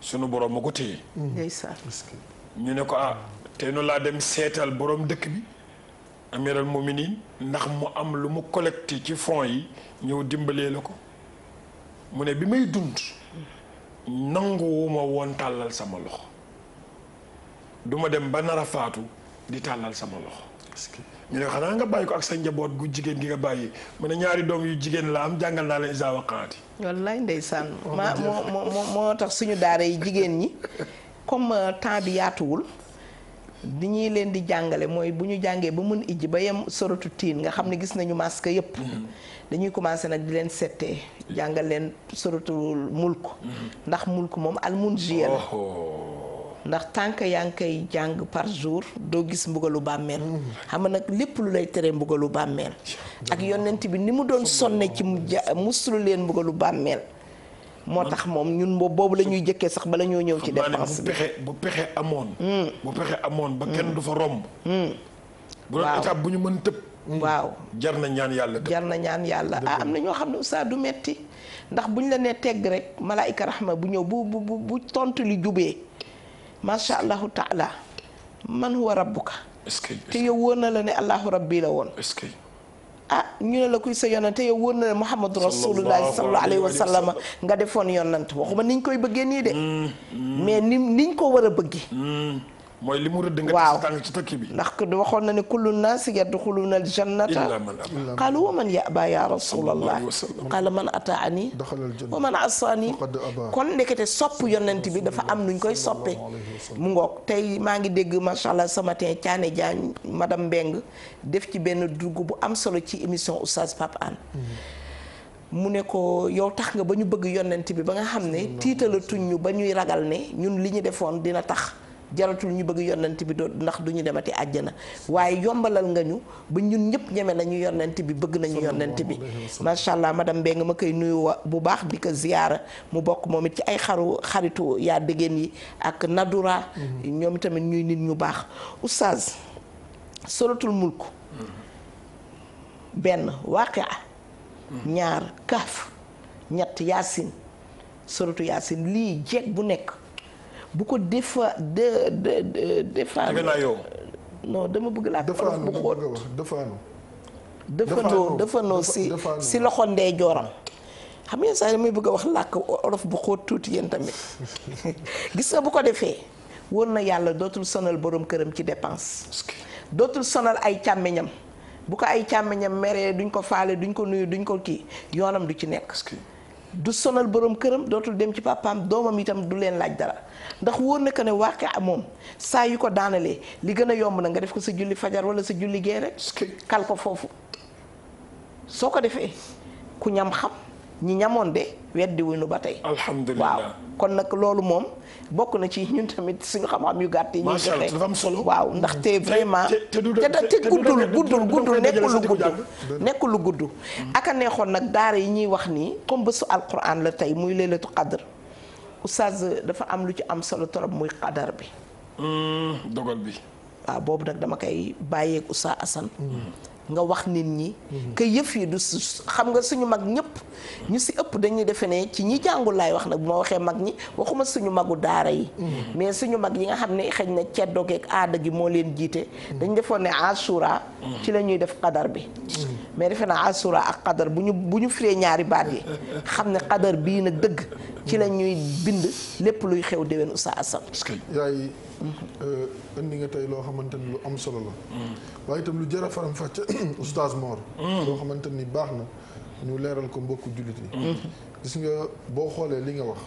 sunu borom ma ko téye ñu ne ko ah te nu laa dem seetal borom dëkk bi amiral muminin ndax mu am lu mu collecté ci fonds yi ñëw dimbalee la ko mu ne bi may dund nanguwuma woon tàllal sama loxo duma dem ba nar faatu di tàllal sama loxo ñu ne xanaa nga bàyyi ko ak sa njaboot gu jigéen gi nga bàyyi mu ne ñaari doom yu jigéen la am jàngal naa leen isa waqaati wallaay ndeysaan oh, ma moo moo moo tax suñu daara yi jigéen ñi comme euh, temps bi yaatuwul di ñuy leen di jàngale mooy bu ñu jàngee ba mën ijji ba yem sorotu tiin nga xam ne gis nañu masque yépp mm-hmm. dañuy commencé nag di leen settee jàngal leen suratul mulk mm-hmm. ndax mulk moom almunjiya la ndax tànk yaa ngi koy jàng par jour doo gis mbugalu bàmmeel mm-hmm. xam nga nag lépp lu lay tere mbugalu bàmmeel ak yonent bi ni mu doon sonne ci mu muslu leen mbugalu bàmmeel moo tax moom ñun boobu la ñuy jëkkee sax bala ñoo ñëw ci dépense bi bu pexe bu pexe amoon mm. bu pexe amoon ba kenn mm. du fa romb mm. bu doon bu ñu mën tëb Mm. waaw jar na ñaan yàlla jar na ñaan yàlla ah am na ñoo xam ne oustaz du metti ndax bu ñu la nee teg rek malaayika rahma bu ñëw bu bu bu tontu li jubee macha allahu taala man huwa rabbuka te yow wóor na la ne allahu rabbi la woon a ah, ñu ne la kuy sa yonante yow wóor na la muhammadu rasulullah sallallahu alayhi wa sallam nga defoon yonant waxuma niñ koy bëggee nii de mm, mm. mais ni niñ ko war a bëggee mooy li mu rëdd nga waaw tàng ci tëkki bi ndax waxoon na ne kullu naasi yadxuluuna aljannata qaalu wa man yaba ya rasulallah qaala man ataani wa man asaani kon ndekete sopp yonent bi dafa am nuñ koy soppe mu ngoog tey maa ngi dégg macha allah ce matin Thiané Diagne madame Mbeng def ci benn dugg bu am solo ci émission oustaz Pape Anne mhm. mu ne ko yow tax nga ba ñu bëgg yonent bi ba nga xam ne tiitalatuñ ñu ba ñuy ragal ne ñun li ñu defoon dina tax jaratul ñu bëgg yonent bi doo ndax du ñu demati àjjana waaye yombalal nga ñu ba ñun ñëpp ñeme nañu yonent bi bëgg nañu yonent bi macha allah madame Mbengue ma koy nuyu bu baax di ko ziyaara mu bokk moom it ci ay xaru xaritu yaa déggéen yi ak Nadura mm-hmm. ñoom tamit ñuy nit ñu baax oustaz suratul mulk benn waaqia mm-hmm. ñaar kaaf ñett yaasin suratu yaasin lii jeeg bu nekk bu ko défa de dama bëgg laa ko olof bu xóot si loxo ndeyjooram xam ngeen saa damay bëgg a wax làkk olof bu xóot tuuti yéen tamit gis nga bu ko defee wóor na yàlla dootul sonal borom këram ci dépense dootul sonal ay càmmiñam bu ko ay càmmiñam meree duñ ko faale duñ ko nuyu duñ ko kii yoonam du ci nekk du sonal boroom këram dootul dem ci papaam doomam itam du leen laaj dara ndax wóor na ko ne waaqe moom saa yu ko daanalee li gën a yomb na nga def ko sa julli fajar wala sa julli gee rek kal ko foofu soo ko defee ku ñam xam ñi ñamoon de weddi wuñu ba tey alhamdulilah waaw kon nag loolu moom bokk na ci ñun tamit suñu xam-xam yu gàtt yi ñuy joxe dafa am solo waaw ndaxte vraiment te te guddul guddul guddul nekkul lu gudd nekkul lu gudd aka neexoon nag daara yi ñuy wax nii comme bésu alquran la tey muy leelatu qadr oustaz dafa am lu ci am solo torop muy qadar bi hmm, dogal bi waaw boobu nag dama koy bàyyeeg oustaz Assane hmm. nga wax nit ñi. Mhm. que yëf yi du xam nga suñu mag ñëpp. ñu si ëpp dañuy defe ne ci ñi jàngul laay wax nag bu ma waxee mag ñi waxuma suñu magu daara yi. Mhm. mais suñu mag yi nga xam ne xëy na ceddoog ak aada gi moo leen jiite. Mhm. dañ defoon ne asura. ci la ñuy def qadar bi. mais defe naa asura ak qadar bu ñu bu ñu firee ñaari baat yi xam ne qadar bii nag dëgg. ci la ñuy bind lépp luy xew déwén Oustaz Assane. Euh, indi nga tey loo xamante ni lu am solo la. Mm. waaye tam lu jar a faram fàcce oustaz mm. loo xamante ni baax na ñu leeral ko mbokk jullit yi. Mm. gis nga boo xoolee li nga wax.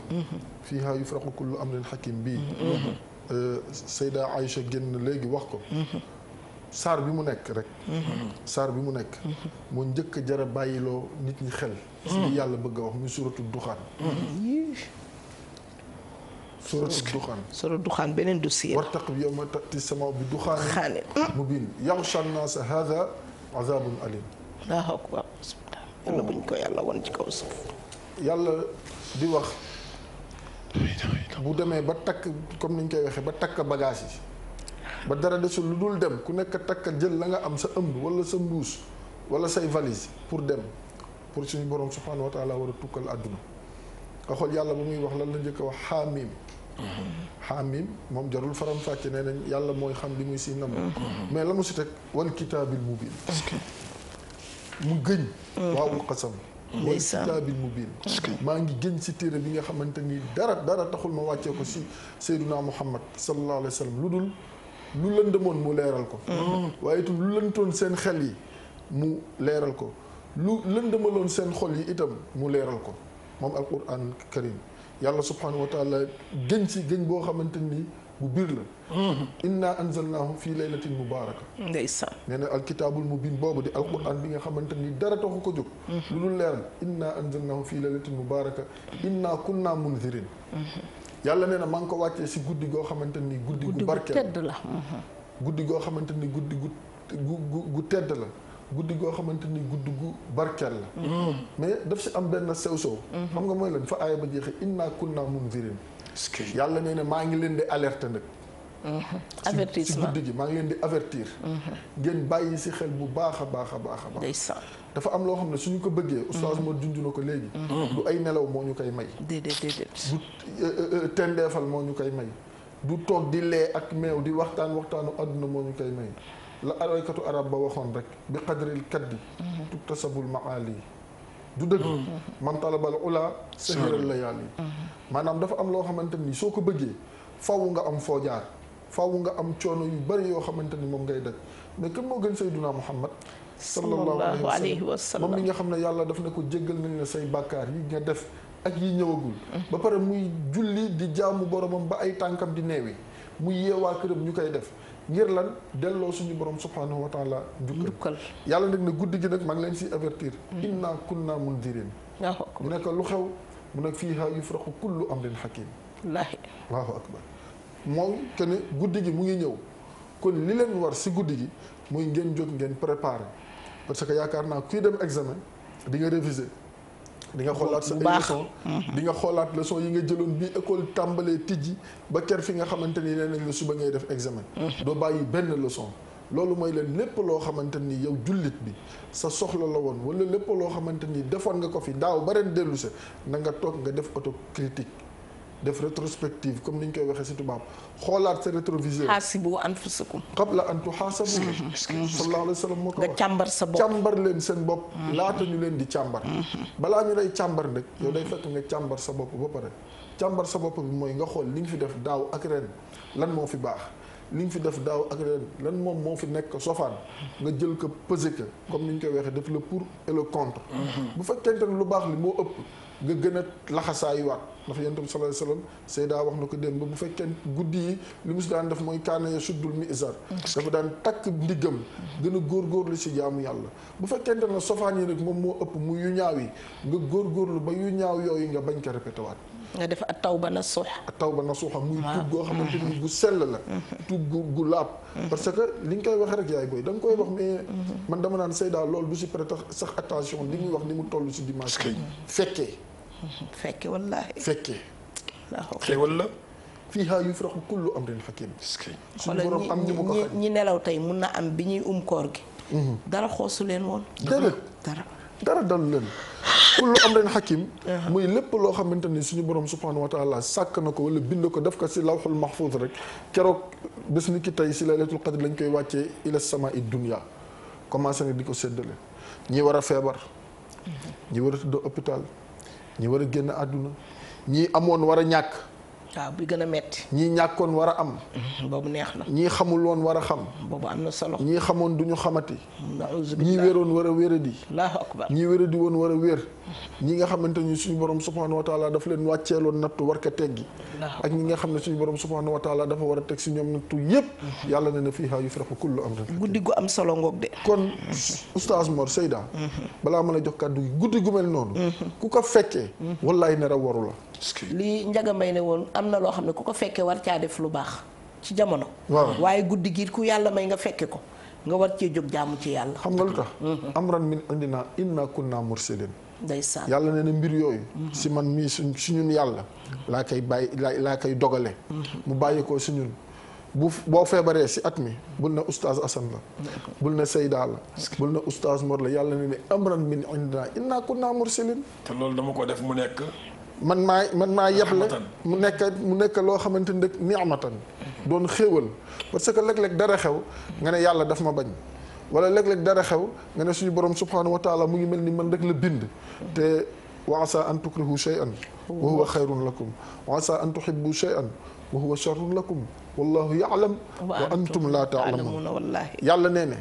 fiihaa yufraqu kullu amrin hakim bii. Euh, Sayda Aïcha génn léegi wax ko. saar bi mu nekk rek. saar bi mu nekk. moo njëkk a jar a bàyyiloo nit ñi xel. ci yàlla bëgg a wax muy suratul duxaan. surat duxaan surat duxaan beneen du la. wattaq yawma ta'ti samaa bi duxaanin mm. mubiin yaghshaa an-naasa haadaa azaabun aliim. Allaahu akbar. yàlla buñ ko yàlla ci kaw di wax. bu demee ba takk comme niñ koy waxee ba takk bagage yi. ba dara desul lu dul dem ku nekk takk jël la nga am sa ëmb wala sa mbuus wala say valise pour dem pour suñu borom subhaanahu wa taala war a tukkal àdduna. nga yàlla bu muy wax lan la njëkk a wax xaamim xaamim moom jarul faram fàcce nee nañ yàlla mooy xam li muy si mais la mu si teg wal kitaabil mubin mu gëñ mm. waawul qasam wal kitaabil mubin maa ngi gëñ si téere bi nga xamante ni dara dara taxul ma wàccee ko si sayduna muhammad sallallahu alayhi wa sallam lu dul lu lëndëmoon mu leeral ko mm. waaye itam lu lëntoon seen xel yi mu leeral ko lu lëndëmaloon seen xol yi itam mu leeral ko moom alquran karim yàlla subhanahu wa taala gën ci gën boo xamante ni bu biir la mm-hmm. inna anzalnaahu fii laylatin mubaraka ndeysaan nee na alkitaabul mubin boobu di alquran bi nga xamante ni dara taxu ko jóg mm-hmm. lu dul leeral inna anzalnaahu fii laylatin mubaraka inna kunna munzirin mm-hmm. yàlla nee na maa ngi ko wàccee si guddi goo xamante ni guddi gu barkeel tedd la guddi goo xamante ni guddi gu gu gu tedd la guddi goo xamante ni guddi gu barkeel la. Mm. mais daf si am benn sew sew. Mm-hmm. xam nga mooy lan fa aaya ba jeexee innaa kunnaa munzirin. yàlla nee na maa ngi leen di alerter nag. Mm-hmm. avertissement si guddi gi maa ngi leen di avertir. Mm-hmm. ngeen bàyyi si xel bu baax a baax a baax a baax. dafa am loo xam ne suñu ko bëggee. oustaz moo junj ko léegi. du ay nelaw moo ñu koy may. déedéet déedéet. du euh, euh, euh, tendeefal moo ñu koy may. du toog di lee ak meew di waxtaan waxtaanu àdduna moo ñu koy may. la araykatu arab ba waxoon rek bi qadril kaddi tuktasabul maali du dëgg mm-hmm. man talabal ula sahiral layaali mm-hmm. maanaam dafa am loo xamante ni soo ko bëggee faw nga am foo jaar faw nga am coono yu bari yoo xamante ni moom ngay daj mais kan moo gën sayduna muhammad sallallahu alayhi wa sallam moom li nga xam ne yàlla daf ne ko jéggal nañu ne say bàkkaar yi nga def ak yi ñëwagul mm-hmm. ba pare muy julli di jaamu boromam ba ay tànkam di neewi muy yeewaa këram ñu koy def ngir lan delloo suñu borom subhanahu wa taala yàlla nag ne guddi ji nag maa ngi leen si avertir hmm. inna kunna mundirin mu nekk lu xew mu nekk fiiha yufraqu kullu amrin hakim allahu akbar moom que ne guddi ji mu ngi ñëw kon li leen war si guddi gi muy ngeen jóg ngeen préparé parce que yaakaar naa kuy dem examen di nga di nga xoolaat sa leçon mhm. di nga xoolaat leçon yi nga jëloon bi école tàmbalee tijji ba ker fi nga xamante ni nee nañ la suba ngay def examen mhm. doo bàyyi benn leçon loolu mooy leen lépp loo xamante ni yow jullit bi sa soxla la woon wala lépp loo xamante ni defoon nga ko fi daaw ba ren dellu se na nga toog nga def autocritique def rétrospective comme ni ñu koy waxee si tubaab xoolaat sa rétroviseur. xaasibu anfusakum. qabla an tuxaasabu. sallallahu alayhi wa sallam moo ko wax nga càmbar sa bopp càmbar leen seen bopp. Mm-hmm. laata ñu leen di càmbar. Mm-hmm. balaa ñu lay càmbar nag. yow day fekk nga càmbar sa bopp ba pare. càmbar sa bopp bi mooy nga xool li nga fi def daaw ak ren lan moo fi baax li nga fi def daaw ak ren lan moom moo fi nekk sofaan nga jël ko peser ko comme ni ñu koy waxee def le pour et le contre. Mm-hmm. bu fekkente ne lu baax li moo ëpp. nga gën a laxasaayuwaat ndax yonent bi sallallahu alayhi wasallam Seyda wax na ko ba bu fekkee guddi yi li mu si daan def mooy kaana ya suddul mizar dafa daan takk ndiggam gën góor góorgóorlu si jaamu yàlla bu fekkente ne sofaan yi nag moom moo ëpp mu yu ñaaw yi nga góor góorgóorlu ba yu ñaaw yooyu nga bañ ko répété waat nga def at tawba nasuuxa at tawba nasuuxa muy tuub goo xamante ni gu sell la mm-hmm. tuub gu gu laab parce que li nga koy wax rek yaay booy da nga koy wax mais mm-hmm. man dama naan Seyda loolu du si prêter sax attention li muy wax ni mu toll si dimanche fekkee fekke wallaahi. fekke. xéwal la. fiihaa yufraqu kullu amrin hakim. suñu borom am ñi nelaw tey mun na am bi ñuy um koor gi. Mhm. dara xoosu leen woon. dara dal leen kullu amrin hakim. Uh-huh. muy lépp loo xamante ni suñu borom subhaanahu wa taala sàkk na ko wala bind ko def ko si lawxul mahfuz rek keroog bés ni ki tey si laylatul qadr lañ koy wàccee ila sama i dunya commencé na di ko séddale ñi war a feebar. Mhm. ñi war a tëdd hôpital. ñi war a génn àdduna ñi amoon war a ñàkk waaw bi gën a metti ñii ñàkkoon war a am mm-hmm. boobu neex na ñii xamul woon war a xam boobu xamoon du ñu xamati ñii wéroon war a wéradi allahu akbar ñii wéradi woon war a wér ñi nga xamante ni suñu borom subhanahu wa taala dafa leen wàcceeloon nattu war ko teggi ak ñi nga xam ne suñu borom subhanahu wa taala dafa war a teg si ñoom nattu yépp mm-hmm. yàlla ne na fiihaa yufraqu kullu amrin guddi gu am solo ngoog de kon mm-hmm. oustaz Mor Seyda balaa ma la jox kàddu guddi gu mel noonu ku ko fekkee wallaay ne raw li Njaga Mbay ne woon am na loo xam ne ku ko fekkee war caa def lu baax ci jamono. waaye guddi gi ku yàlla may nga fekke ko nga war cee jóg jàmm ci yàlla. xam nga lu tax. Mhm. amran min indina inna kunna mursalin ndeysaan yàlla nee na mbir yooyu. Mhm. si man mii suñ si yàlla. laa kay bàyyi laa laa koy dogale. Mhm. mu bàyyi ko si ñun. bu boo feebaree si at mi bul na oustaz Assane la bul na Seyda la bul na oustaz Mor la yàlla ne ne amran min indina inna kunna mursalin te loolu dama ko def mu nekk man maa man maa yeble mu nekk mu nekk loo xamante ni ni'matan doon xéewal parce que léeg-léeg dara xew nga ne yàlla daf ma bañ wala léeg-léeg dara xew nga ne suñu borom subhanahu wa taala mu ngi mel ni man rek la bind te wa asa an tukrihu shay'an wa huwa xayrun lakum wa asa an tuhibbu shay'an wa huwa sharrun lakum wallahu ya'lam wa nee ne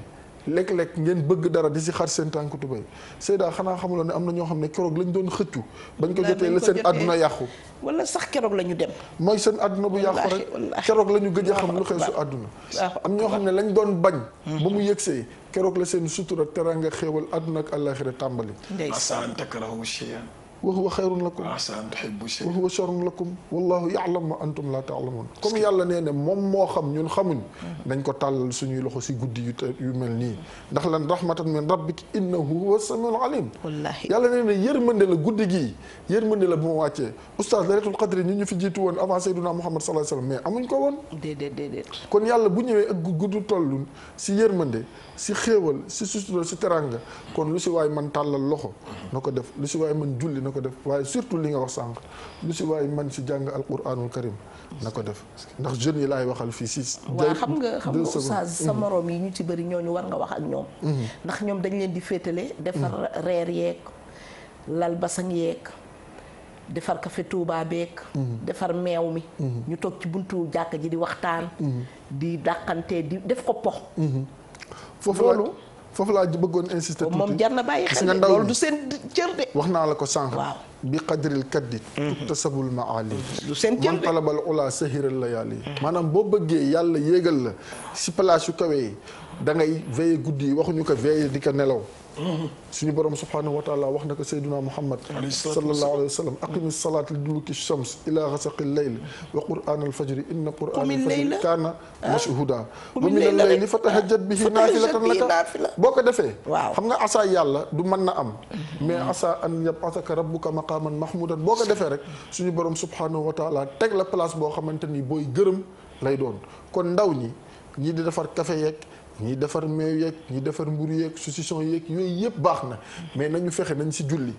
léeg-léeg ngeen bëgg dara di si xar seen tànk tubéy Seyda xanaa xamuloon ne am na ñoo xam ne keroog lañu doon xëccu bañ ko jotee la seen àdduna yàqu wala sax keroog la ñu dem mooy seen àdduna bu yàqu rek keroog la ñu gëj a xam lu xew su àdduna am ñoo xam ne lañ doon bañ hmm. ba mu yëgsee keroog la seen sutura teranga xéewal àdduna ak àllaaxira tàmbali asan takrahu shay'an wa huwa xayrun lakum ah, wa huwa sharrun lakum wallahu ya'lam ma antum la ta'lamun comme yàlla nee ne moom moo xam ñun xamuñ dañ mhm. ko tàllal suñuy loxo si guddi yu yu mel nii ndax lan rahmatan min rabbik innahu huwa samiul alim wallaahi yàlla nee ne yërmande la guddi gii yërmande la bu ma wàccee oustaz laylatul qadri ñu ñu fi jiitu woon avant sayyiduna muhammad sallallahu alayhi wasallam mais amuñ ko woon déedéet déedéet kon yàlla bu ñëwee ak guddu tollun si yërmande si xéewal si sutura si teranga kon lu si waay man tàllal loxo na ko def lu si waay man julli na ko def waaye surtout li nga wax sànq lu si waaye man si jàng alquranul karim na ko def ndax jeunes yi laay waxal fii si waaw xam nga xam nga oustaz sa mhm. morom yi ñu ci bëri ñu war nga wax ak ñoom mhm. ndax ñoom dañ leen di féetale defar mhm. reer yeeg lal basan yeek defar kafe Touba beek defar meew mi ñu toog ci buntu jàkk ji di waxtaan di dàqante di def ko pox foofu foofu laa bëggoon insister tuuti moom jar na bàyyi xel loolu du seen cër de wax naa la ko sànq bi qadril kaddi tuktasabul maali mm. du seen cër de man talabal ula sahiral layaali maanaam boo bëggee yàlla yéegal la si place yu kawe yi da ngay veiller guddi yi waxuñu ko veiller di ko nelaw suñu borom subhaanahu wa taala wax na ko sayduna muhammad sallallahu alayhi wa sallam aqimi salaat li duluki shams ila xasaqi leyl wa quran alfajri inna quran alfajri kaana ah? mashhuda wa min alleyli fa tahajjat bihi naafilatan laka boo ko defee xam nga asa yàlla du mën na am mais asa an yabasaka rabbuka maqaaman mahmudan boo ko defee rek suñu borom subhaanahu wa taala teg la place boo xamante ni booy gërëm lay doon kon ndaw ñi ñii di defar café yeeg ñiy defar meew yeeg ñiy defar mburu si saucisson yeeg yooyu yëpp baax na mais nañu fexe nañ si julli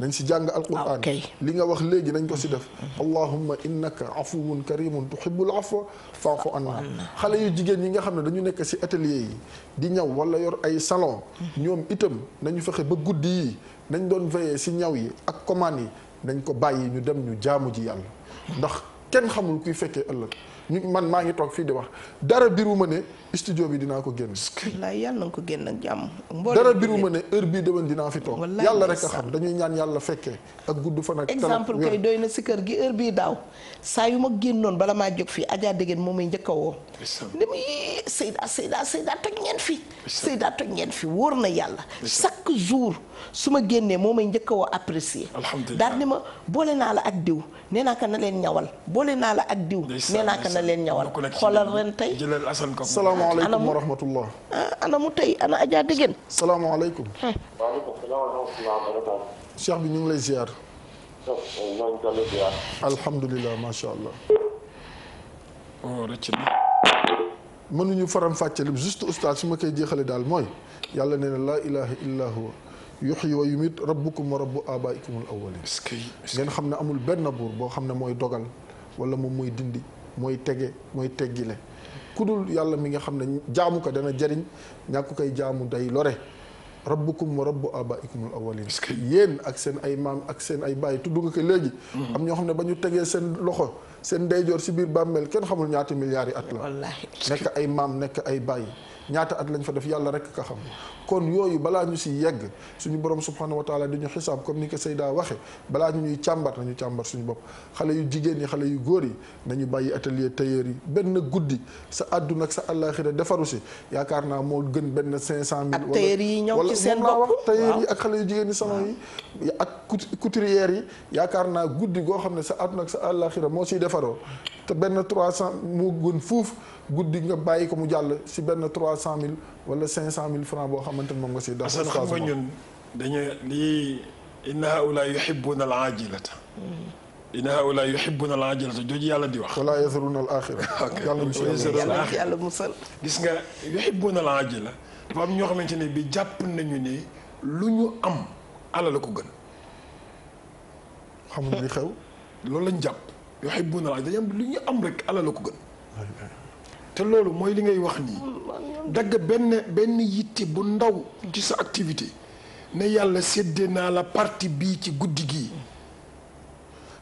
nañ si jàng alquran li nga wax léegi nañ ko si def allahumma innaka afuwun karimun tuhibbul afwa fa'fu anna xale yu jigéen yi nga xam ne dañu nekk si atelier yi di ñaw wala yor ay salon ñoom itam nañu fexe ba guddi yi nañ doon veillé si ñaw yi ak commande yi nañ ko bàyyi ñu dem ñu jaamu ji yàlla ndax kenn xamul kuy fekkee ëllëg ñu man maa ngi toog fii di wax dara biruma ne studio bi dinaa ko génn. wallaay yàlla na ko génn ak jàmm. dara biruma ne heure bii déwén dinaa fi toog. yàlla rek a xam dañuy ñaan yàlla fekkee ak gudd fan ak. exemple kay doy na si kër gi heure bii daaw saa yu ma génnoon bala maa jog fii Adja Degen moom may njëkk a woo. ni mu Seyda Seyda Seyda toj ngeen fi. Seyda toj ngeen fi wóor na yàlla. chaque jour su ma génnee moom may njëkk a woo apprécier. alhamdulilah daal ni ma boole naa ak diw nee naa ko leen ñawal boole naa ak na leen ñawal xoolal ren tey salaamaaleykum wa rahmatullah ah, ana mu tey ana Adja Degen salaamaaleykum cheikh bi ñu ngi lay ziar alhamdulilah macha allah oh, rëcc na mënuñu faram fàccali juste oustaz su ma koy jeexale daal mooy yàlla nee na laa ilaha huwa yuxyi yumit rabbukum wa rabbu abaikum al awalin xam ne amul benn buur boo xam ne mooy dogal wala moom mooy dindi mooy tege mooy teggile ku dul yàlla mi nga xam ne jaamu ko dana jariñ ñàkk koy jaamu day lore rabbukum wa rabbu aba awalin parce que yéen ak seen ay maam ak seen ay bàyyi tudd nga ko léegi mm-hmm. am ñoo xam ne ba ñu tegee seen loxo seen ndeyjoor si biir bàmmeel kenn xamul ñaata milliards yi at la nekk ay maam nekk ay bàyyi ñaata at lañ fa def yàlla rek ka xam kon yooyu balaa ñu si yegg suñu borom subhanahu wa taala di ñu xisaab comme ni ko Seyda waxe balaa ñu ñuy càmbar nañu càmbar suñu bopp xale yu jigéen yi xale yu góor yi nañu bàyyi atelier tailleur yi benn guddi sa àdduna ak sa àllaaxira defaru si yaakaar naa moo gën benn cinq cent mille ak yi ñëw ci seen bopp wax tailleur yi ak xale yu jigéen yi yi ak naa guddi goo xam ne sa àdduna ak sa moo siy defaroo te benn trois cent moo gën fuuf guddi nga bàyyi ko mu jàll si benn trois cent mille wala cinq cent mille francs boo xam xamante ne moom nga siy dox. parce que xam nga ñun dañu lii inna haula yuhibbuna al ajilata mm. inna haula yuhibbuna al ajilata jooju yàlla di wax. wala yasruna al axira. yàlla musal yàlla musal gis nga yuhibbuna al ajila dafa am ñoo xamante ne bi jàpp nañu ne lu ñu am ala la ko gën. xam nga xew. loolu lañ jàpp yuhibbuna al ajila lu ñu am rek ala ko gën. te loolu mooy li ngay wax nii dagg benn benn yitte bu ndaw ci sa activité ne yàlla séddee naa la parti bii ci guddi gii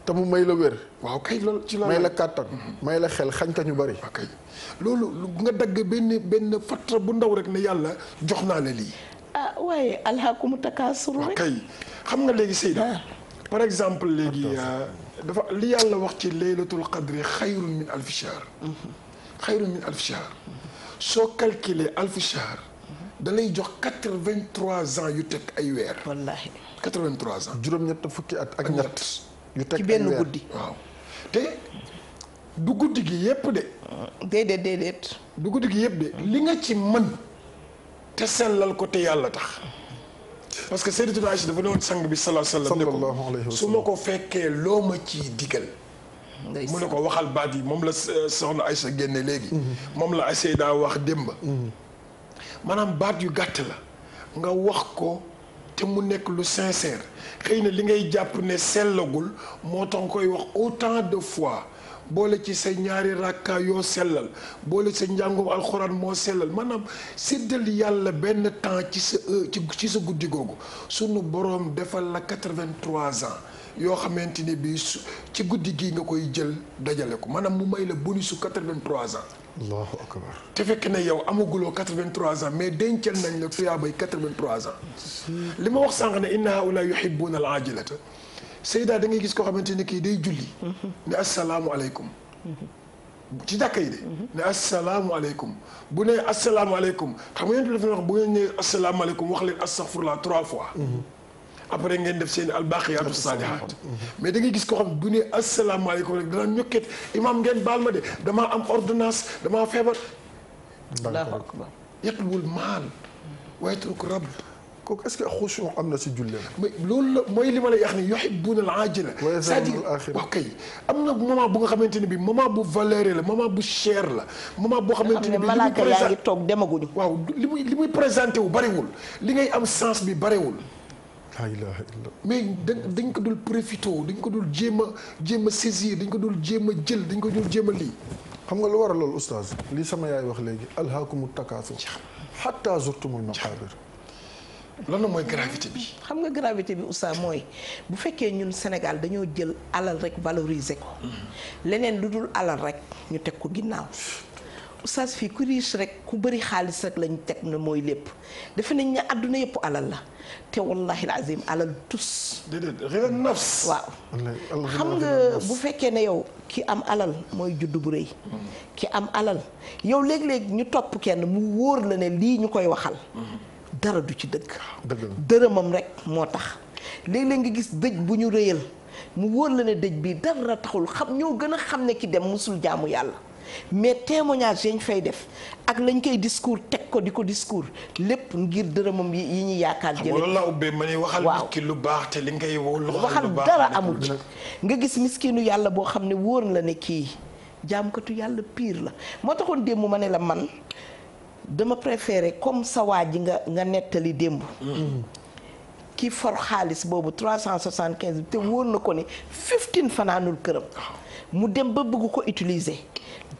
te mu may la wér. waaw kay loolu ci la la kàttan may la xel xañ ka ñu bari. kay loolu nga dagg benn benn fatra bu ndaw rek ne yàlla jox naa la lii. ah waaye alhaakumu takaasur rek. kay xam nga léegi Seyda ah. par exemple léegi euh, dafa li yàlla wax ci laylatul qadri xayrun min alfi xayrun min alfi shahr soo calculer alfi shahr da jox quatre vingt trois ans yu teg ay weer. wallaahi quatre vingt trois ans. juróom-ñett fukki at ak ñett. yu teg ci benn guddi. waaw te du guddi gi yépp de. déedéet déedéet. du guddi gi yépp de li nga ci mën. te sellal ko te yàlla tax. parce que Sayyidatuna Aïcha dafa ne sang bi sallallahu alayhi wa sallam. su ma ko fekkee loo ma ciy digal. mu ne ko waxal baat yi moom la euh, ay sa génne léegi mhm. moom la Aseyda wax démb mhm. maanaam baat yu gàtt la nga wax ko te mu nekk lu sincère xëy na li ngay jàpp ne sellagul moo tax nga koy wax autant de fois boole ci sa ñaari rakka yoo sellal boole sa njàngum alxuraan moo sellal maanaam séddal yàlla benn temps ci sa euh, ci sa guddi googu sunu boroom defal la quatre-vingt-trois ans yoo xamante ni bi ci guddi gii nga koy jël dajale ko maanaam mu may la bonusu 83 ans. allahu akbar. te fekk na yow amaguloo 83 ans mais dencal nañ la tuyaabay 83 ans. li ma wax sànq ne inna haula yuhibbuna al ajilata Seyda da ngay gis koo xamante ni kii day julli. ne asalaamualeykum. ci jàkka yi de. ne asalaamualeykum bu ne asalaamualeykum xam nga yéen daf leen wax bu ngeen ne asalaamualeykum wax fois. après ngeen def seen albaaqiyaatu saalihaat mais da ngay gis ko xam bu ne asalaamaaleykum rek dana ñokket imaam ngeen baal ma de damaa am ordonnance damaa feebar. allahu akbar yaqlul maal kooku est-ce que am na si jullit. loolu la mooy li ma lay wax ni yuhibbuuna al-aajila. c'est-à-dire waaw kay am na moment bu nga xamante ne bii moment bu valeur la moment bu cher la moment boo xamante ne bii. malaaka yaa ngi toog demaguñu. waaw li muy li muy présenté wu bariwul li ngay am sens bi bariwul. laa ilaha illa mais dañ ko dul profité dañ ko dul jéem a jéem a saisir dañ ko dul jéem a jël dañ ko dul jéem lii xam nga lu war a loolu oustaz lii sama yaay wax léegi alhaakumu takaasu xatta zurtumul maqaabir lan la mooy gravité bi xam nga gravité bi oustaz mooy bu fekkee ñun Sénégal dañoo jël alal rek valoriser ko hmm. leneen lu dul alal rek ñu teg ko ginnaaw oustaz fii ku riche rek ku bëri xaalis rek lañ teg na mooy lépp defe nañ ne àdduna yëpp alal la te wallahi azim alal tus. déedéet nafs waaw xam nga bu fekkee ne yow ki am alal mooy juddu bu rëy. ki am alal yow léeg-léeg ñu topp kenn mu wóor la ne lii ñu koy waxal. dara du ci dëgg. dërëmam rek moo tax léegi léeg nga gis dëj bu ñu rëyal mu wóor la ne dëj bi dara taxul xam ñoo gën a xam ne ki dem musul jaamu yàlla. mais témoignage yañ fay def ak lañ koy discours teg ko di ko discours lépp ngir dërëmam yi ñuy yaakaar jële loolu la ubbee ma ne waxal ki lu baax te li ngay waxal dara amul ci nga gis miskinu yàlla boo xam ne wóor la ne kii jaamkatu yàlla piir la moo taxoon démb ma ne la man dama préféré comme sa waa ji nga nga nettali démb mm-hmm. ki for xaalis boobu 375 te wóor na ko ne 15 fanaanul këram ah. mu dem ba bëgg ko utiliser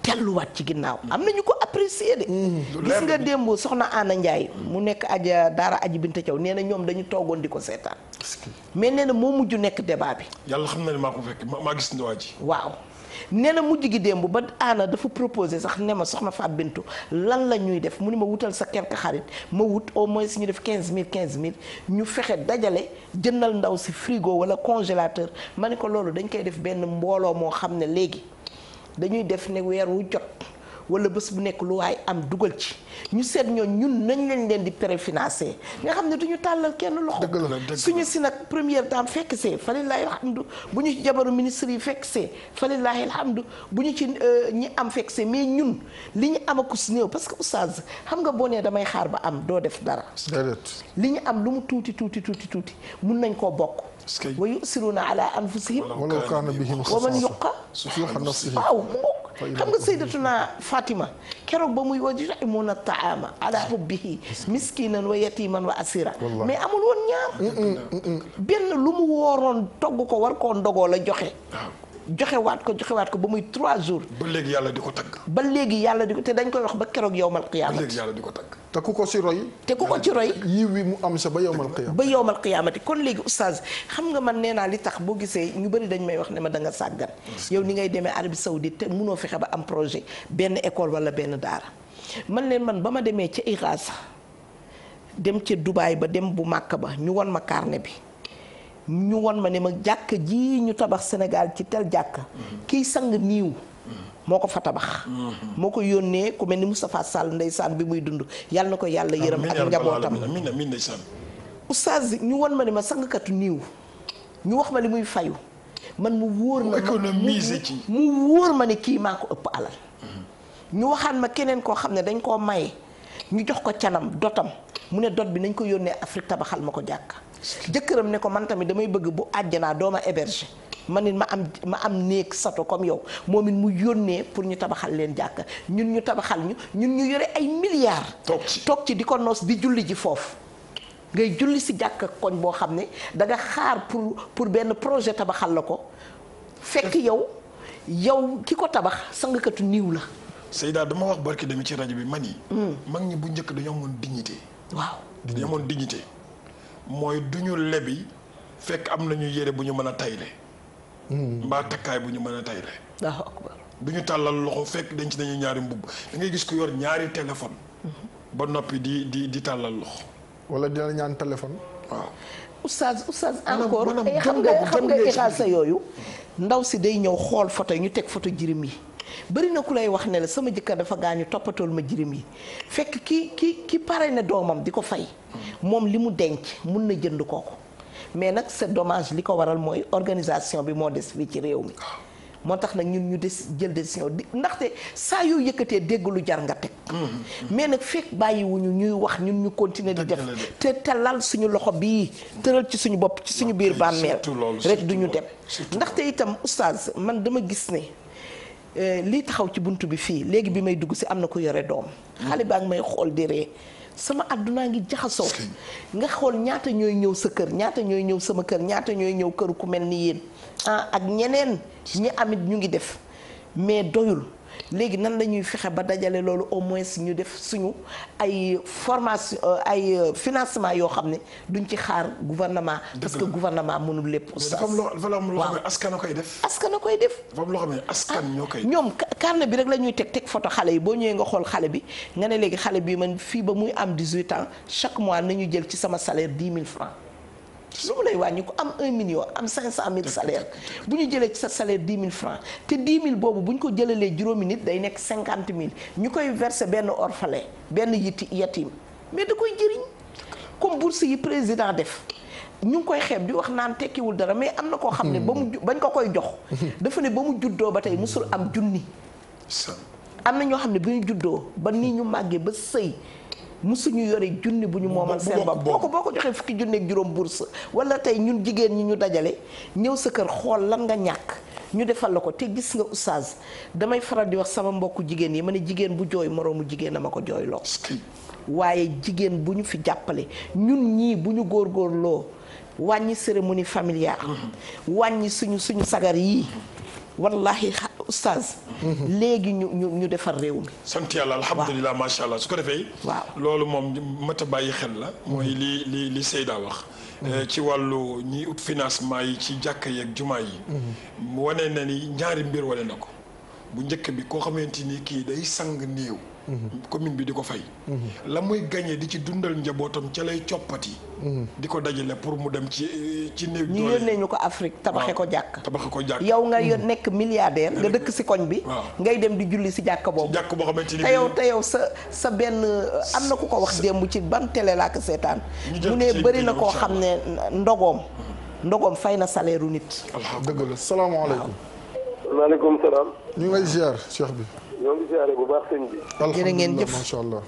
delluwaat ci ginnaaw am na ñu ko apprécier de mm, gis nga démb soxna Anna Ndiaye mu nekk aja daara aji bint Thiaw nee na ñoom dañu toogoon di ko seetaan mais nee na moo mujj nekk débat bi yàlla xam na ne maa ko fekk nee na mujj gi démb ba Anna dafa proposé sax ne ma soxna Fatou Bintu lan la ñuy def mu ne ma wutal sa quelque xarit ma wut au moins ñu def quinze 15000 mille ñu fexe dajale jëndal ndaw si frigo wala congélateur ma ne ko loolu dañ koy def benn mbooloo moo xam ne léegi dañuy def ne weer wu jot wala bés bu nekk lu waaye am dugal ci ñu seet ñoo ñun nañ lañ leen di préfinancé nga xam ne duñu tàllal kenn loxo suñu si nag première dame fekk see falilaahi alhamdu bu ñu ci jabaru ministre fekk see falilaahi alhamdu bu ñu ci euh, ñi am fekk see mais ñun li ñu am akus néew parce que oustaz xam nga boo nee damay xaar ba am doo def dara li ñu am lu mu tuuti tuuti tuuti tuuti mun nañ koo bokk wa yusiruuna ala anfusihim walaw kaana bihim wa man yuqa suuxa nafsihi waaw xam nga saydatuna Fatima keroog ba muy wajtimuna taama ala hubbihi miskinan wa yatiman wa asira mais amul woon ñaar mm, mm, mm, benn lu mu wooroon togg ko war koo ndogoo la joxe joxewaat ko joxewaat ko ba muy trois jours. ba léegi yàlla di ko tagg. ba léegi yàlla di ko te dañ koy wax ba keroog yowmal qiyaamati. ba léegi yàlla di ko tagg. te ku ko ci roy. te ku ko ci roy. yiw wi mu am sa ba yowmal qiyaamati. ba yowmal qiyaamati kon léegi oustaz xam nga man nee naa li tax boo gisee ñu bëri dañ may wax ne ma danga nga sàggan. yow ni ngay demee Arabie Saoudite te munoo fexe ba am projet benn école wala benn daara man leen man ba ma demee ca Iras dem ca Dubaay ba dem bu màkk ba ñu won ma carnet bi ñu won ma ne ma jàkk ji ñu tabax senegal ci tel jàkk kiy sang niiw moo ko fa tabax mm-hmm. moo ko yónnee ku mel ni Moustapha Sall ndeysaan bi muy dund yàlla na ko yàlla yërëm ak njabootam oustaz ñu won ma ne ma sangkatu niiw ñu wax ma li muy fayu man mu wóor ma économiser mu wóor ma ne kii maa ko ëpp alal mm-hmm. ñu waxaan ma keneen koo xam ne dañ koo maye ñu jox ko canam dotam mu ne dot bi nañ ko yónnee Afrique tabaxal ma ko jàkk jëkkëram ne ko man tamit damay bëgg bu àjjanaa dooma héberger man it ma am ma am néeg sato comme yow moom it mu yónnee pour ñu tabaxal leen jàkk ñun ñu tabaxal ñu ñun ñu yore ay milliards toog ci di ko noos di julli ji foofu ngay julli si jàkk koñ boo xam ne da nga xaar pour pour benn projet tabaxal la ko fekk yow yow ki ko tabax sangkatu niiw la Seyda dama wax barki dem ci rajo bi man yi mm. mag ñi bu njëkk dañoo amoon dignité waaw dañoo amoon dignité mooy du ñu lebi fekk am nañu yére bu ñu mën a tayle hmm. mbaa takkaay bu ñu mën a tayle du ñu tàllal loxo fekk denc nañu ñaari mbubb da gis ku yor ñaari téléphone hmm. ba noppi di di di tàllal loxo wala dina ñaan téléphone waaw oustaz oustaz encore eh, xam nga xam nga iraasa yooyu ndaw si day ñëw xool photo yi ñu teg photo jirim yi bëri na ku lay wax ne la sama jëkkër dafa gaañu toppatool ma jirim yi fekk ki ki ki pare ne doomam di ko fay moom li mu denc mun na jënd kooku mais nag c'est domage li ko waral mooy organisation bi moo des fii ci réew mi moo tax nag ñun ñu des jël décision di ndaxte saa yoo yëkkatee dégg lu jar nga teg. Mm-hmm. mais nag fekk bàyyiwuñu ñuy wax ñun ñu continuer di def te talal suñu loxo bii tëral ci suñu bopp ci suñu biir bàmmeel rek du ñu dem. ndaxte itam oustaz man dama gis ne. Euh, lii taxaw ci bunt bi fii léegi bi may dugg si am na ko yore doom xale baa ngi may xool di ree sama àddunaa ngi jaxasoo nga xool ñaata ñooy ñëw sa kër ñaata ñooy ñëw sama kër ñaata ñooy ñëw kër ku mel ni yéen ah ak ñeneen ñi amit ñu ngi def mais doyul léegi nan la ñuy fexe ba dajale loolu au moins ñu def suñu ay formation euh, ay euh, financement yoo xam ne duñ ci xaar gouvernement. parce que gouvernement mënul lépp. oustaz dafa am loo askan a koy def. askan a koy def. dafa loo xam ne ñoo koy. Ah, ñoom carnet bi rek la ñuy teg teg foto xale yi boo ñëwee nga xool xale bi nga ne léegi xale bi man fii ba muy am 18 ans chaque mois nañu jël ci sama salaire 10 000 francs lu mu lay wàññi ku am 1 million am 500000 salaire bu ñu jëlee ci sa salaire 10 000 francs te 10 000 boobu bu ñu ko jëlalee juróomi nit day nekk 50000 ñu koy verser benn orphelin benn yiti yatim mais da koy jëriñ comme bourse yi président def. ñu ngi koy xeeb di wax naan tekkiwul dara mais am na koo xam ne ba mu hmm. bañ ko koy jox dafa ne ba mu juddoo ba tey musul am junni am na ñoo xam ne ba ñu juddoo ba nii ñu màggee ba sëy suñu yore junni bu ñu moomal seen bopp boo ko boo ko joxee fukki junni ak juróom bourse wala tey ñun jigéen ñi ñu dajale ñëw sa kër xool lan nga ñàkk ñu defal la ko te gis nga oustaz damay faral di wax sama mbokku jigéen yi ma ne jigéen bu jooy moroomu jigéen ama ko jooy loo waaye jigéen bu ñu fi jàppale ñun ñii bu ñu góor góorgóorloo wàññi cérémonie am mm-hmm. wàññi suñu suñu sagar yi wallahi oustaz. Mhm. léegi ñu ñu defar réew mi. sant yàlla alhamdulilah macha allah su ko defee. waaw loolu moom mat a bàyyi xel la. mooy mhm. li li li Seyda wax. Mhm. Eh, ci wàllu ñi ut financement yi ci jàkka yeeg jumaa yi. wane na ni ñaari mbir wane na ko. bu njëkk bi koo xamante ni kii day sang néew. commune bi di ko fay. la muy gagné di ci dundal njabootam ca lay coppati. di ko dajale pour mu dem ci ci néew. ñu yónnee ñu ko Afrique tabaxe ko jàkk tabaxe ko jàkk yow nga mm. nekk milliardaire nga dëkk si koñ bi. ngay dem di julli si jàkk boobu. si jàkk boo xamante ni te yow te yow sa sa benn am na ku ko wax démb ci ban télé laa ko seetaan. mu ne bari na koo xam ne ndogoom. ndogoom fay na saleeru u nit. alhamdulilah dëgg salaam. ñu ngi lay ziar cheikh bi. ñoo ngi ziare bu baax sëñ bi. jërë ngeen jëf macha allah.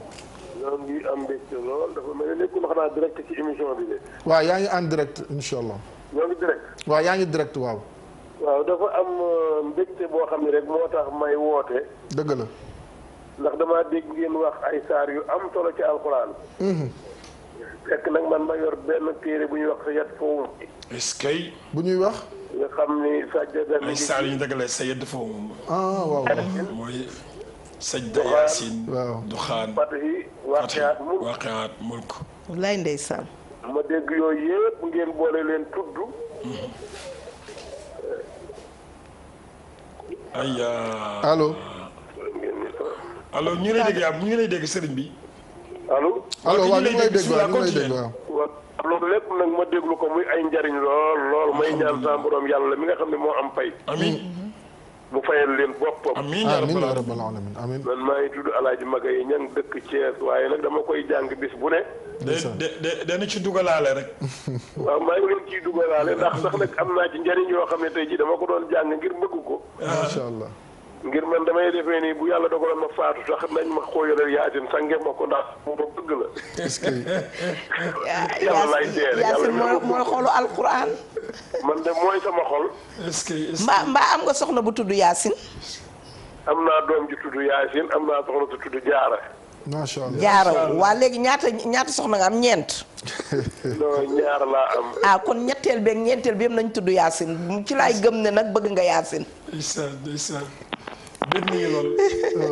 ñoo ngi am mbégte lool dafa mel ni nekkul xanaa direct ci émission bi de. waaw yaa ngi en direct incha allah. ñoo ngi direct. waaw yaa ngi direct waaw. waaw dafa am euh, mbégte boo xam ne rek moo tax may woote. dëgg la. ndax dama dégg ngeen wax ay saar yu am solo ci alxuraan. Mhm. fekk nag man ma yor benn téere bu ñuy wax sayat foofu. est-ce que. bu ñuy wax. nga xam ni. sa saar yu ñu dëggalee sayat foofu. ah waaw sajda yaasin waaw duxaan fatihi waaqiaat mulk waaqiaat mulk wallaay ndeysaan ma dégg yooyu yëpp ngeen boole leen tudd mm-hmm. aya allo allo ñu ngi ngi lay dégg sëriñ bi allo allo waaw ñu ngi lay dégg waaw ñu loolu lépp nag ma déglu ko muy ay njariñ lool lool may ñaan sa borom yàlla mi nga xam ne moo am pay bu fayal leen boppam. amiin amiin yaa rabbal man maa ngi tudd El Hadj Magaye ña ngi dëkk Thiès waaye nag dama koy jàng bis bu ne. de ci dugalaale rek. waaw maa ngi leen ciy dugalaale ndax sax nag am naa ci njëriñ yoo xam ne tey jii dama ko doon jàng ngir bëgg ko. macha allah. ngir man damay defee nii bu yàlla dogaloon ma faatu sax nañ ma ko yoreel yaasin sange ma ko ndax moom ma bëgg la. yàlla lay teere yaasin mooy mooy xolu alquran. man de mooy sama xol. est-ce que mbaa mbaa am nga soxna bu tudd yaasin. am naa doom ju tudd yaasin am naa soxna su waa léegi ñaata ñaata soxna nga am ñeent. non ñaar ah, kon ñetteel beeg ñeenteel bi nañ tudd yaasin ci laay gëm nag bëgg nga yaasin. mbir mi ngi lool. Oh.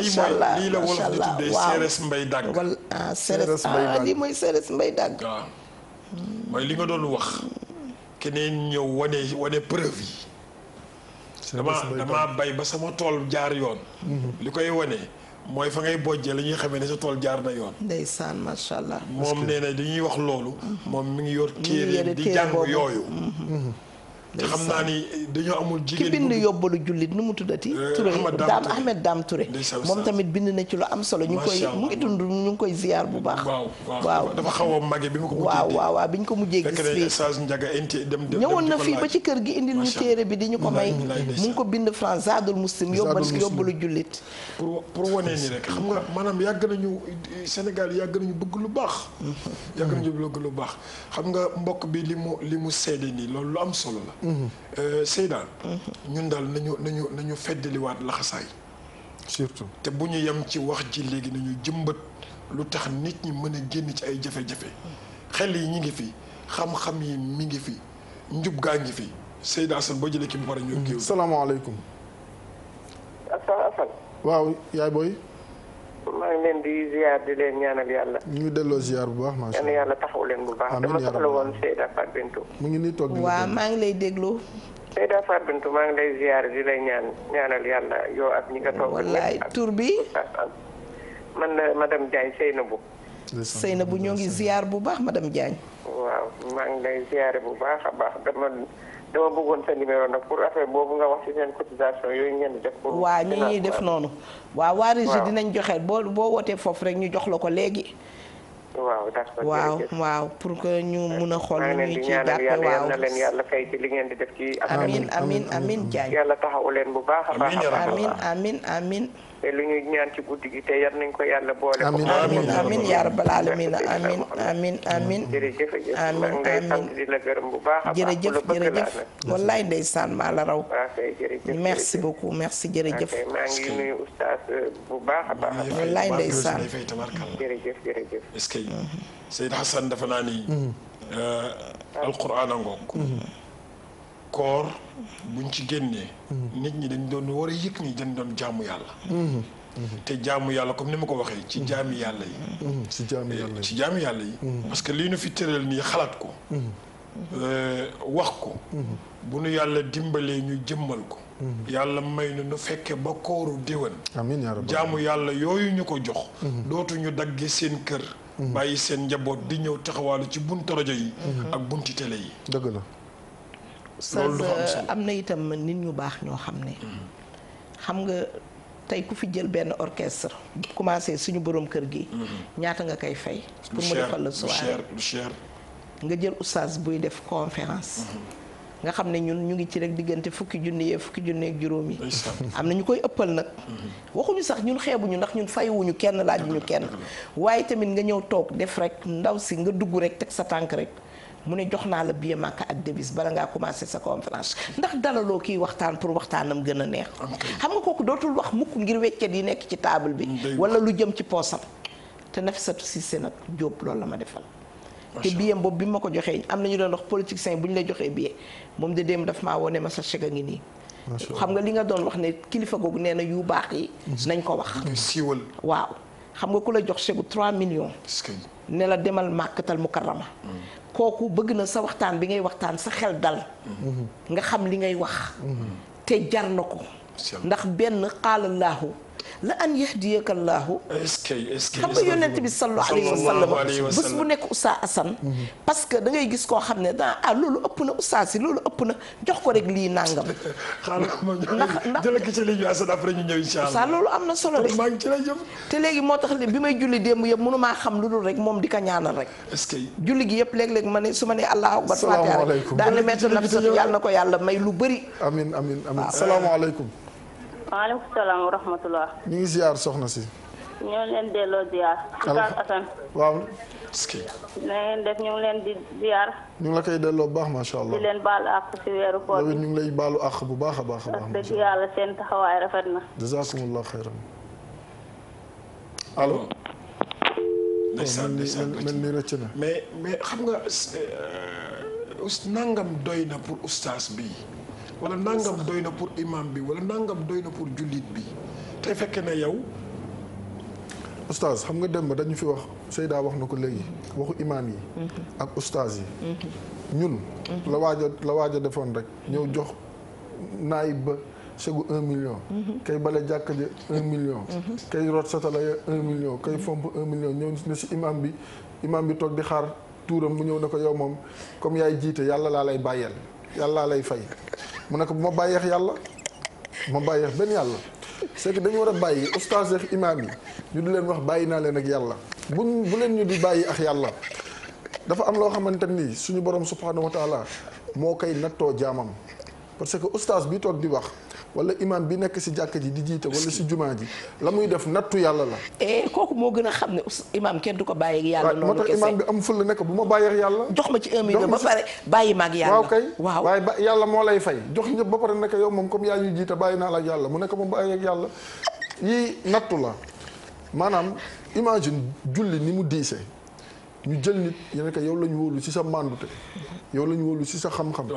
lii mooy lii la wolof di tuddee Mbay Dàgg. Ah, ah, mooy li nga doon wax. keneen ñëw wane wane preuve yi. dama damaa bay ba sama tool jaar yoon. Mhm. li koy wane mooy fa ngay bojje la ñuy xamee ne sa tool jaar na yoon. ndeysaan macha allah. moom nee na dañuy wax loolu. Mhm. moom mi ngi yor téere di jàng yooyu. Mhm. xam naa ni dañoo amul jigéen ki bind yóbbalu jullit nu mu tuddati. Eh, Touré daam Ahmed Dame Touré. moom tamit bind na ci lu am solo. ñu ngi koy mu ngi dund ñu ngi koy bu baax. waaw dafa xaw a màggee bi ma ko. waaw waaw bi ko mujjee gis fii ñëwoon na fii ba ci kër gi indil ñu téere bi di ñu ko may. mu ngi ko bind France Zadul Muslim yóbbal yóbbalu pour pour wane ni rek xam nga maanaam yàgg nañu Sénégal yàgg nañu bëgg lu baax. yàgg nañu bëgg lu baax xam nga mbokk bi li mu li mu seede nii loolu lu am solo la Euh, Seyda mhm. ñun daal nañu nañu nañu feddaliwaat laxasaay surtout te bu ñu yem ci wax ji léegi nañu jëmbat lu tax nit ñi mën a génn ci ay jafe-jafe xel yi ñu ngi fi xam-xam yi mi ngi fi njub gaa ngi fi Seyda Assane boo jëlee ki mu war a ñëw. salaamaaleykum. waaw yaay booy. maa ngi leen di ziar di leen ñaanal yàlla. ñu delloo ziar bu baax macha allah yàlla taxaw leen bu baax. dama soxla woon Seyda Fatou Bintou. mu ngi nii toog di waaw maa ngi lay déglu. Seyda Fatou Bintou maa ngi lay ziar di lay ñaan ñaanal yàlla yow ak ñi nga toog. wallaay tur bi man la madame Diagne Seynabou. bu ñoo ngi ziar bu baax madame Diagne. waaw maa ngi lay ziar bu baax a baax dama. dama bëggoon sa numéro nag pour affaire boobu nga wax ci seen cotisation yooyu ngeen def. pour waaw ñu ñuy def noonu. waaw waa Régie dinañ joxe boo boo wootee foofu rek ñu jox la ko léegi. waaw d'accord waaw waaw pour que ñu mun a xool nu ñuy ci jàppe waaw na leen yàlla fay ci li ngeen di def ci. amiin amiin amiin Diagne yàlla taxawu leen bu baax a amiin amiin amiin. te lu ñuy ñaan ci guddi gi te yar nañ ko yàlla boole ko amiin amiin yaa rabbal aalamiin amiin amiin amiin jërëjëf amiin ngay sant di la gërëm bu baax jërëjëf jërëjëf wallaay ndeysaan maa la raw merci beaucoup merci jërëjëf maa ngi nuyu euh, bu baax a baax wallaay ndeysaan jërëjëf jërëjëf est-ce que mhm. Seyd Hassan dafa naa ni mhm. euh, alquran a ngoog mhm. koor buñ ci génnee nit ñi dañ doon war a yëg ni dañ doon jaamu yàlla te jaamu yàlla comme ni ma ko waxee ci jaami yàlla yi ci jaami yàlla ci jaami yàlla yi que lii nu fi tëral nii xalaat ko euh, wax ko bu nu yàlla dimbalee ñu jëmmal ko yàlla may na nu fekke ba kooru déwén jaamu yàlla yooyu ñu ko jox mhm. dootuñu dagge seen kër mhm. bàyyi seen njaboot di ñëw taxawaalu ci buntu rajo yi ak bunti télé yi dëgg la oustaz am na itam nit ñu baax ñoo xam ne mm-hmm. xam nga tey ku fi jël benn orchestre commencé suñu borom kër gi mm-hmm. ñaata nga koy fay pour mu defal la soirée nga jël oustaz buy def conférence mm-hmm. nga xam ne ñun ñu ngi ci rek diggante fukki junni yee fukki junni ak juróom yi am na ñu koy ëppal nag waxuñu sax ñun xeebuñu ndax ñun fayewuñu kenn laaj laajuñu kenn waaye tamit nga ñëw toog def rek ndaw si nga dugg rek teg sa tànk rek mu ne jox naa la billet Makka ak devise bala ngaa commencé sa conférence ndax dalaloo kiy waxtaan pour waxtaanam gën a neex xam nga kooku dootul wax mukk ngir weccet yi nekk ci table bi wala lu jëm ci poosam te Nafissatou Cissé nag Jóob loolu la ma defal te billet boobu bi ma ko joxee am nañu doon wax politicien bu ñu la joxee billet moom de démb daf maa wone ma sa chèque a ngi nii xam nga li nga doon wax ne kilifa googu nee na yu baax yi mm. nañ ko wax siiwal waaw xam nga ku la jox chèque 3 millions ne la demal màkkatal mukarrama mm. kooku bëgg na sa waxtaan bi ngay waxtaan sa xel dal nga xam li ngay wax te jar na ko ndax benn xaalallahu la an yahdiyaka Allahu. xam nga yonent bi sallallahu alayhi wa sallam bés bu nekk Oustaz Assane. Mm-hmm. parce que da ngay gis koo xam ne daa ah loolu ëpp na Oustaz si loolu ëpp na jox ko rek lii nàngam. xaaral ma jëlee ko ci ligne Assane après ñu ñëw incha allah. Oustaz loolu am na solo de maa ngi ci lay jëm. te léegi moo tax bi may julli démb yëpp mënu maa xam lu dul rek moom di ko ñaanal rek. julli gi yëpp léeg-léeg ma ne su ma nee Allahu akbar. salaamaaleykum daal di mettre nafsa yàlla na ko yàlla may lu bëri. amiin amiin amiin salaamaaleykum maaleykum salaam wa rahmatulah. ñu ngi ziar soxna si. ñoo leen delloo ziar. allo Assane. waaw. na ngeen def ñu ngi leen di ziar. ñu la koy delloo bu baax macha allah. di leen a baax yàlla seen taxawaay rafet na. jazakumullah xayran. allo. ndeysaan ndeysaan mel ni rëcc na. mais mais xam nga euh, nangam doy na pour oustaz bi wala nangam doy na pour imam bi wala nangam doy na pour jullit bi te fekke na yow. oustaz xam nga dem ba dañu fi wax Seyda wax na ko léegi waxu imaam yi. Mhm. ak oustaz yi. Mhm. ñun. Mhm. la waaja la waaja defoon rek ñëw jox naayib ba segu un million. kay bale jàkk ja un million. kay fomp un bi toog di xaar tuuram mu ñëw na ko yow moom comme yaay jiite yàlla laa lay bàyyeel yàlla laa lay fay. mu ne ko bu ma bàyyeex yàlla bu ma bàyyeex benn yàlla c'est que dañu war a bàyyi oustaz ak imaam yi ñu di leen wax bàyyi naa leen ak yàlla bu bu leen ñu di bàyyi ak yàlla dafa am loo xamante ni suñu borom subhanahu wa taala moo koy nattoo jaamam parce que oustaz bi toog di wax wala imam bi nekk si jàkka ji di jiite wala si jumaa ji la muy def nattu yàlla la. Eh, kooku moo gën a xam ne imam kenn du ko bàyyi ak yàlla. Ah, noonu kese imam bi am ful la nekk bu ma bàyyi yàlla. jox ma ci un million ba pare bàyyi ma yàlla. waaw kay waaye ba yàlla moo lay fay jox ñëpp ba pare nekk yow moom comme yaa ñuy jiite bàyyi naa la ak yàlla mu nekk moom bàyyi ak yàlla yii nattu la maanaam imagine julli ni mu diisee. ñu jël nit yeneen ko yow la ñu wóolu ci sa màndute yow la ñu wóolu ci sa xam-xam.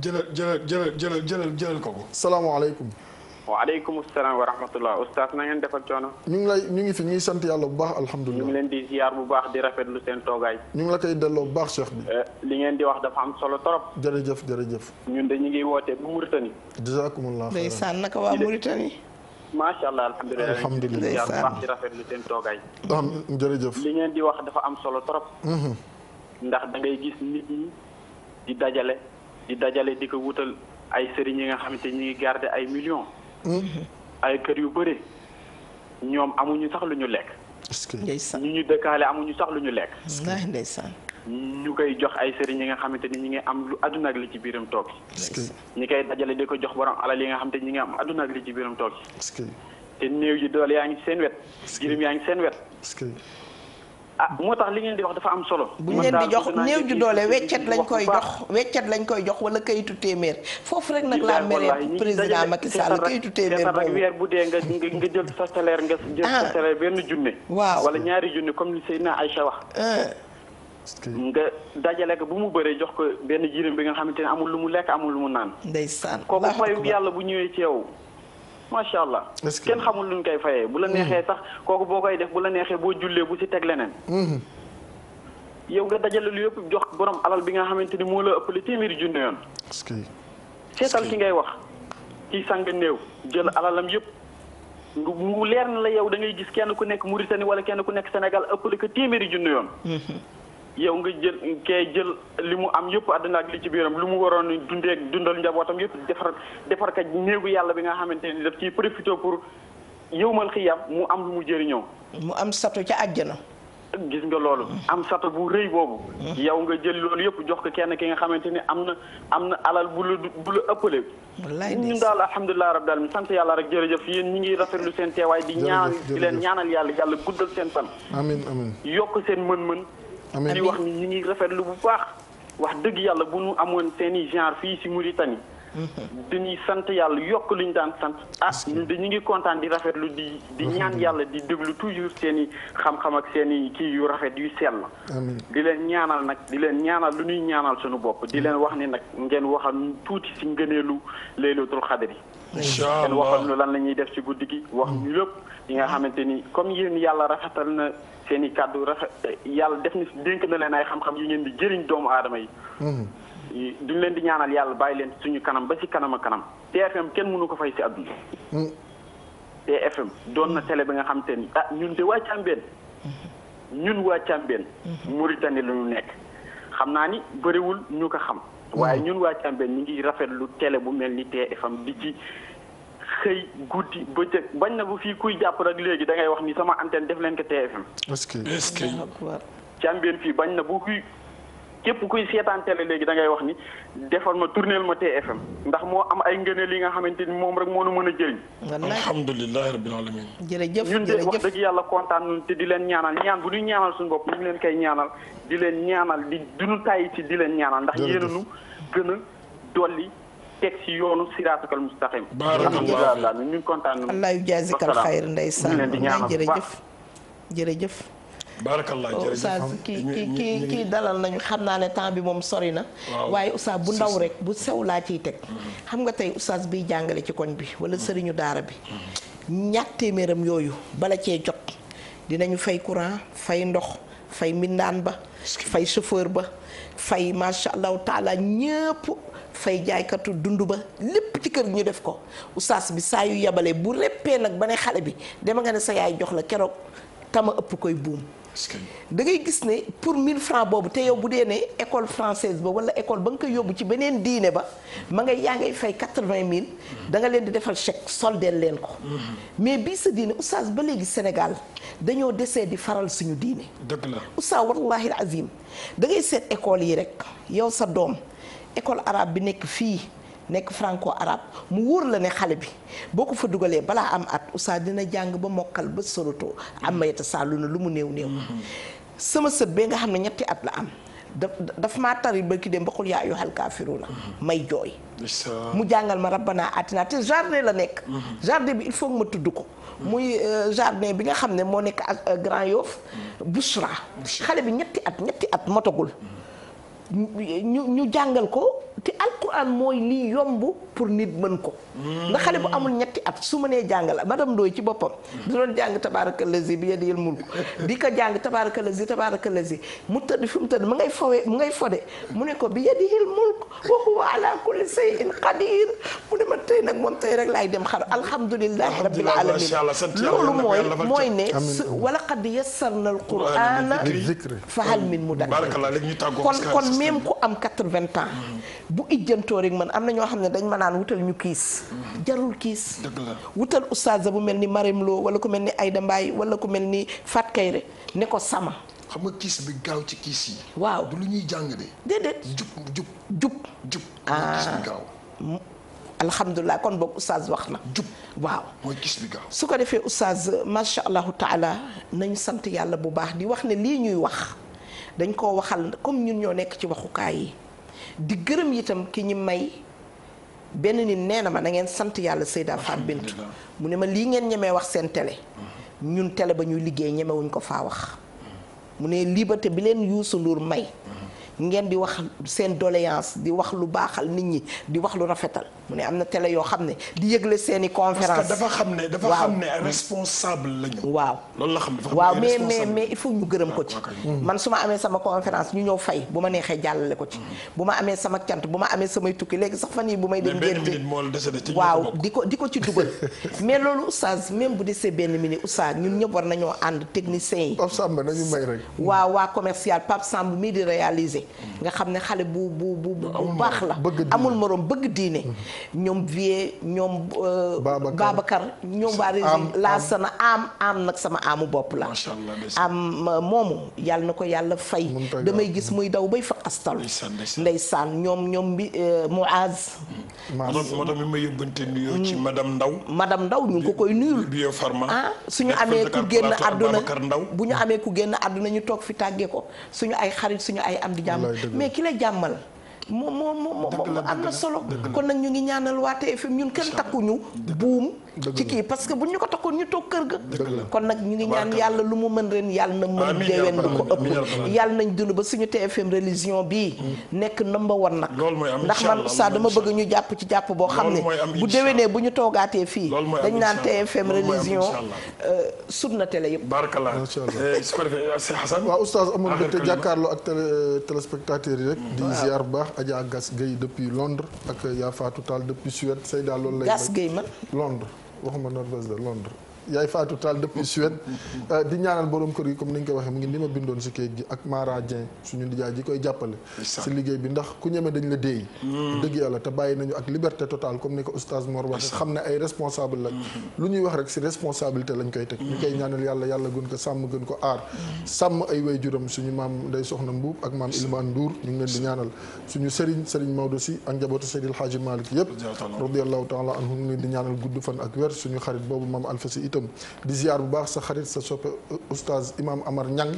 jëlal jëlal jëlal jëlal jëlal jëlal kooku. salaamaaleykum. waaleykum salaam wa rahmatullah oustaz na ngeen defal coono. ñu ngi lay ñu ngi fi ñuy sant yàlla bu baax alhamdulilah. ñu ngi leen di ziar bu baax di rafetlu seen toogaay. ñu ngi la koy delloo bu baax cheikh bi. Eh, li ngeen di wax dafa am solo trop. jërëjëf jërëjëf. ñun de ngi woote bu Mauritanie. jazakumullah xayran ndeysaan naka waa Mauritanie. macha allah alhamdulilah alhamdulilah ziar bu baax di rafetlu seen toogaay. am jërëjëf. li ngeen di wax dafa am solo trop. Mhm. ndax da ngay gis nit ñi di dajale. di dajale di ko wutal ay sëriñ yi nga xamante ñi ngi garder ay millions. Mm-hmm. ay kër yu bëri ñoom amuñu sax lu ñu lekk. est ñu ñu dëkkaale amuñu sax lu ñu lekk. ndeysaan ñu koy jox ay sëriñ yi nga xamante ni ñi ngi am lu àdduna ak li ci biiram toog. ñi koy dajale di ko jox borom alal yi nga xam te ñi ngi am àdduna ak li ci biiram toog. te néew yi dool yaa ngi seen wet. jirim yaa ngi seen wet. ah moo tax li ngeen di wax dafa am solo. bu ñu leen di jox néew ju doole weccet lañ koy jox weccet lañ koy jox wala kayitu téeméer foofu rek nag laa meree président Macky Sall kayitu téeméer boobu weer bu dee nga nga jël sa salaire nga jël ah. benn junne. waaw wala ñaari junne comme li Seydina Aïcha wax. Ah. nga dajale ko bu mu bëree jox ko benn jirim bi nga xamante ne amul lu mu lekk amul lu mu naan. ndeysaan kooku mooy yàlla bu ñëwee ci yow. macha allah kenn xamul lu ñu koy fayee bu la mm. neexee sax kooku boo koy def bu la neexee boo jullee bu ci teg leneen mm-hmm. yow nga dajale lu yëpp jox borom alal bi nga xamante ni moo la ëpp ëppale téeméeri junne yoon seetal ki ngay wax ci sang néew jël alalam yëpp mu leer na la yow da ngay gis kenn ku nekk Mauritanie wala kenn ku nekk Sénégal ëppale ko téeméeri junne yoon mm-hmm. yow nga jël kee jël li mu am yëpp àdduna ak li ci biiram lu mu waroon dundee dundal njabootam yëpp defar defar ka néegu yàlla bi nga xamante ni daf ciy profité pour yowmal xiyam mu am lu mu jëriñoo. mu am sato ca àjjana. gis nga loolu. am sato bu rëy boobu. Mm-hmm. yow nga jël loolu yëpp jox ko kenn ki nga xamante ni am na am na alal bu la bu la ëppale. wallaay ñun daal alhamdulilah rabbil alamin sant yàlla rek jërëjëf yéen ñi ngi rafetlu seen teewaay di. ñaan leen ñaanal yàlla yàlla guddal seen seen mën amiin di wax ni ñu ngi rafetlu bu baax. wax dëgg yàlla bu nu amoon seeni genre fii si di mhm. dañuy sant yàlla yokk lu ñu daan sant. ah ñu ngi kontaan di rafet lu di di ñaan yàlla di déglu toujours seen i xam-xam ak seen i kii yu rafet yu sell. di leen ñaanal nag di leen ñaanal lu ñuy ñaanal sunu bopp di leen wax ni nag ngeen waxal ñu tuuti si ngëneelu laylatul xadri. incha allah ngeen waxal ñu lan la def si guddi gi. wax ñu lépp yi nga mhm. xamante ni comme na. seen i kàddu rafet yàlla def na dénk na leen ay xam-xam yu ngeen di jëriñ doomu aadama yi. Mm-hmm. duñ leen di ñaanal yàlla bàyyi leen suñu kanam ba ci kanam a kanam. TFM kenn mënu ko fay ci àdduna. TFM mm-hmm. doon na tele bi nga xam te ni ah ñun de waa Cambérène. Mm-hmm. ñun waa Cambérène. Mauritanie la ñu nekk. xam naa ni bëriwul ñu ko xam. waaye ñun waa Cambérène ñu ngi lu tele bu mel ni TFM di ci. xëy guddi bëccëg bañ na bu fii kuy jàpp rek léegi da ngay wax ni sama antenne def leen ko TFM. est-ce que est-ce que. fii bañ na bu kuy képp kuy seetaan télé léegi da ngay wax ni defal ma tourneel ma TFM ndax moo am ay ngëneel yi nga xamante ni moom rek moo nu mën a jëriñ. alhamdulilah rabbil alamin. jërëjëf ñun de wax dëgg yàlla kontaan nañu te di leen ñaanal ñaan bu ñuy ñaanal suñu bopp ñu ngi leen koy ñaanal di leen ñaanal di duñu tàyyi ci di leen ñaanal ndax yéen a nu gën a dolli teg ci yoonu siraatal mustaqim. alhamdulilah allah yu jaazikal xayr ndeysaan. ñu ngi leen jërëjëf jërëjëf. baarakallah jërëjëf Oustaz kii kii kii dalal nañu xam naa ne temps bi moom sori na. waaye Oustaz bu ndaw rek bu sew laa ciy teg. Mm-hmm. xam nga tey Oustaz biy jàngale ci koñ bi wala sëriñu daara bi. ñaat téeméeram yooyu bala cee jot dinañu fay courant fay ndox fay mbindaan ba. fay chauffeur ba fay macha allahu taala ñëpp. fay jaaykatu dund ba lépp ci kër gi ñu def ko oustaz bi saa yu yabalee bu reppee nag ba ne xale bi dama nga ne sa yaay jox la keroog tama ëpp koy buum da ngay gis ne pour 1000 francs boobu te yow bu dee ne école française ba wala école ba nga ko yóbbu ci beneen diine ba ma nga yaa ngay fay vingt mille danga leen di defal chèque soldeel leen ko mm-hmm. mais bii sa diine oustaz ba léegi Sénégal dañoo desee di faral suñu diine dëgg la oustaz wallahi azim da seet école yi rek yow sa doom école arabe bi nekk fii nekk franco arabe mu wóor la ne xale bi boo ko fa dugalee balaa am at oustaz dina jàng ba mokkal ba sorotoo am mayeta saalu na lu mu néew néew sama sët bee nga xam ne ñetti at la am daf maa tari ba ki dem ba xul yaa na may jooy mu jàngal ma rabbana naa te jardin la nekk jardin bi il faut ma tudd ko muy euh, jardin bi nga xam ne moo nekk ak euh, Grand Yoff Bouchra xale bi ñetti at ñetti at motagul ñu ñu jàngal ko te alquran mooy lii yomb pour nit mën ko hmm. ndax xale bu amul ñetti at su ma nee jàng la madame dooy ci boppam hmm. di doon jàng tabaraka lazi bi yadil mulk di ko jàng tabaraka lazi tabaraka lazi mu tëdd fi mu tëdd mu ngay fowe mu ngay fode mu ne ko bi yadil mulk wa huwa ala kulli shay'in qadir mu ne ma tey nag moom tey rek laay dem xar alhamdulilahi rabbil alamin loolu mooy mooy ne wala qad yassarna alqurana fa hal min mudakkir kon kon même ku am quatre-vingts ans hmm. bu ijjantoo rek man am na ñoo xam ne dañ ma naan wutal ñu kiis mhm. jarul kiis wutal ustaaza bu mel ni Marème Lo wala ku mel ni Aïda Mbaye wala ku mel ni Fat Kayre ne ko sama xam kiis bi gaaw ci kiis waaw lu ñuy jàng de déedéet jub jub jub jub kiis ah. kon boog oustaz wax na jub waaw mooy kiis bi gaaw su ko defee oustaz macha allahu taala nañu sant yàlla bu baax di wax ne lii ñuy wax dañ koo waxal comme ñun ñoo nekk ci waxukaay yi di gërëm itam ki ñi may benn nit neena ma na sant yàlla Seyda Fatou Bintou mu ne ma lii ngeen ñemee wax seen tele mm-hmm. ñun tele ba ñuy liggéey ñemewuñ ko faa wax mu ne liberté bi leen Youssou Ndour may mm-hmm. ngeen di wax seen doléance di wax lu baaxal nit ñi di wax lu rafetal mu ne am na tele yoo xam ne di yëgle seen i conférence dafa xam ne dafa xam ne responsable lañu waaw loolu la xam waaw mais mais mais il faut ñu gërëm ko ci hmm. man su ma amee sama conférence ñu ñëw fay bu ma neexee jàllale ko ci hmm. bu ma amee sama cant bu ma amee samay tukki léegi sax fan yi bu may dem ngénte waaw di ko di ko ci dugal mais loolu oustaz même bu desee benn mi ni oustaz ñun ñëpp war nañoo ànd technicien yi waaw waa commercial Pape Samb mii di réaliser nga xam ne xale bu bu bu bu baax la amul morom bëgg diine mm-hmm. ñoom vie ñoom euh, Babacar ñoom waa laa sana am am nag sama amu bopp la am moomu yàlla na ko yàlla fay damay gis muy daw bay fa astal ndeysaan ñoom ñoom bi euh, Moaz moo tax mi ma yóbbante nuyoo ci mm. madame Ndaw madame Ndaw ñu ngi ko koy nuyul biopharma ah suñu amee ku génn àdduna bu ñu amee ku génn àdduna ñu toog fi tàggee ko suñu ay xarit suñu ay am di jàmm jàmm mais ki jàmmal moo moo moo am na solo kon nag ñu ngi ñaanal waa TFM ñun kenn takkuñu buum ci kii parce que bu ñu ko takkoon ñu toog kër ga kon nag ñu ngi ñaan yàlla lu mu mën ren yàlla na mën déwén du ko ëpp yàlla nañ dund ba suñu TFM religion bii mm. nekk number one nag ndax man oustaz dama bëgg ñu jàpp ci jàpp boo xam ne bu déwénee bu ñu toogaatee fii dañ naan TFM religion euh, sunna télé yëpp barakallah eh, su ko defee Hassan waaw oustaz amoon bëgg te jàkkaarloo ak téléspectateurs yi rek di ah. ziar bu baax Adja gas Gueye depuis Londres ak Yaa Fatou Tall depuis Suède Seyda loolu lay. Gass Gueye man Londres waxuma Norvège de Londres. yaay Fatou Tall depuis Suède euh, di ñaanal borom kër gi comme ni ñu koy waxee mu ngi ni ma bindoon si kayit gi ak Mara Dieng suñu nijaay ji koy jàppale si liggéey bi ndax ku ñeme dañ la déey hmm. dëgg yàlla te bàyyi nañu ak liberté totale comme ni ko oustaz Mor waxee xam ne ay responsable la hmm. ñuy wax rek si responsabilité lañ koy teg ñu koy hmm. ñaanal yàlla yàlla gën ko sàmm gën ko aar sàmm ay way juram suñu maam day soxna Mbuub ak maam Ilman Ndour ñu ngi leen di ñaanal suñu sëriñ sëriñ Maodo si ak njabootu Seydil Hadji Malick yëpp radiyallahu taala anhu ñu leen di ñaanal gudd itam di ziar bu baax sa xarit sa soppe euh, oustaz imam Amar Ñang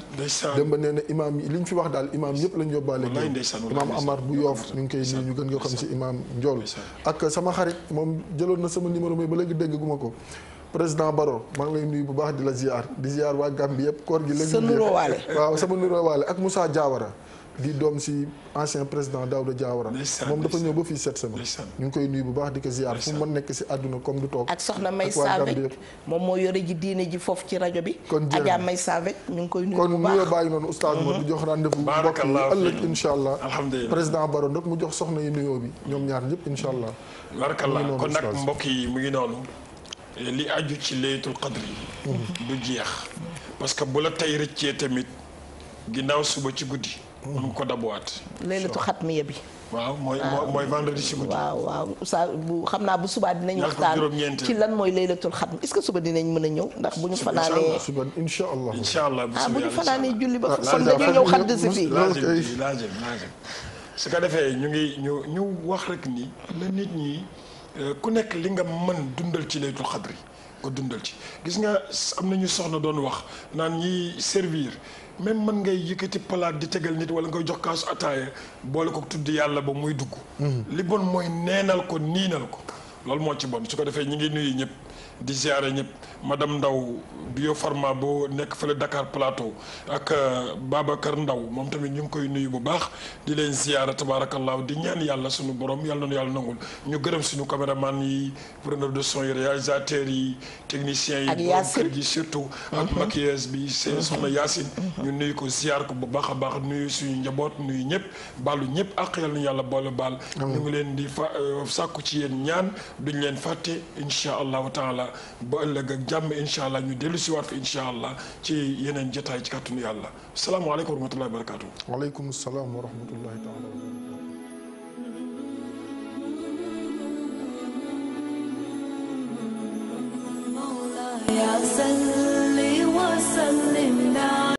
démb nee na imaam yi li ñu fi wax daal imaam yëpp lañ yóbbaale imaam Amar bu yoof ñu ngi koy nuyu ñu gën ko xam si imaam Njool ak sama xarit moom jëloon na sama numéro mais ba léegi dégg guma ko président Baro maa ngi lay nuyu bu baax di la ziar di ziar waa Gambie yëpp koor gi léegi waaw sama nuroowaale ak Moussa Diawara di doom si ancien président Daouda Diawara moom dafa ñëw ba fii cette semaine ñu ngi koy nuyu bu baax di ko ziar fu mu mën nekk si àdduna comme du toog ak soxna May Savek moom moo yore ji diine ji foofu ci rajo bi kon Adja May Savek ñu ngi koy nuyu bu baax kon nuyoo bàyyi noonu oustaz mo di mhm. jox rendez-vous mbokk yi ëllëg insha allah président Baro nag mu jox soxna yi nuyoo bi ñoom ñaar ñëpp insha allah barakallah mbokk yi mu ngi noonu li aju ci laylatul qadr mhm. du jeex parce que bu la tey rëccee tamit ginnaaw suba ci guddi ñu ko dabuwaat. laylatu xatmiya bi. waaw mooy ah. mooy vendredi ci guddi. waaw waaw sa bu xam naa bu subaa dinañ waxtaan ci lan mooy laylatul xatm est-ce que suba dinañ mën a ñëw ndax bu ñu fanaanee suba incha allah incha allah ah bu ñu fanaanee julli ba kon si fii su ko defee ñu ngi ñu ñu wax rek ni la nit ñi euh, ku nekk li nga mën dundal ci laylatul xadri ko dundal ci gis nga am na ñu soxna doon wax naan ñiy servir même mën ngay yëkkati palaat di tegal nit wala ngay jox kaasu ataaya boole ko tudd yàlla ba muy dugg. Hmm. li bon mooy neenal ko niinal ko loolu moo ci bon su ko defee ñi ngi nuyu ñëpp di ziare ñëpp. madame Ndaw biopharma boo nekk fële Dakar Plateau ak euh, Babacar Ndaw moom tamit ñu ngi koy nuyu bu baax di leen ziyaara tabaarakallaahu di ñaan yàlla suñu borom yàlla na yàlla nangul ñu gërëm suñu caméraman yi preneur de son yi réalisateur yi technicien yi borom kër gi surtout ak mhm. maquilleuse bi seen mhm. soxna Yacine mhm. ñu nuyu ko ziyaar ko bu baax a baax nuyu suñu njaboot nuyu ñëpp baalu ñëpp ak yàlla na yàlla boole baal ñu ngi leen di fa euh, sàkku ci yéen ñaan duñ leen fàtte incha allahu taala ba jàmm incha allah ñu dellu si waat ko incha allah ci yeneen jotaay ci kàttanu yàlla salaamaaleykum wa rahmatullahi wa barakaatu. waaleykum salaam wa rahmatullahi taala. يا صل وسلم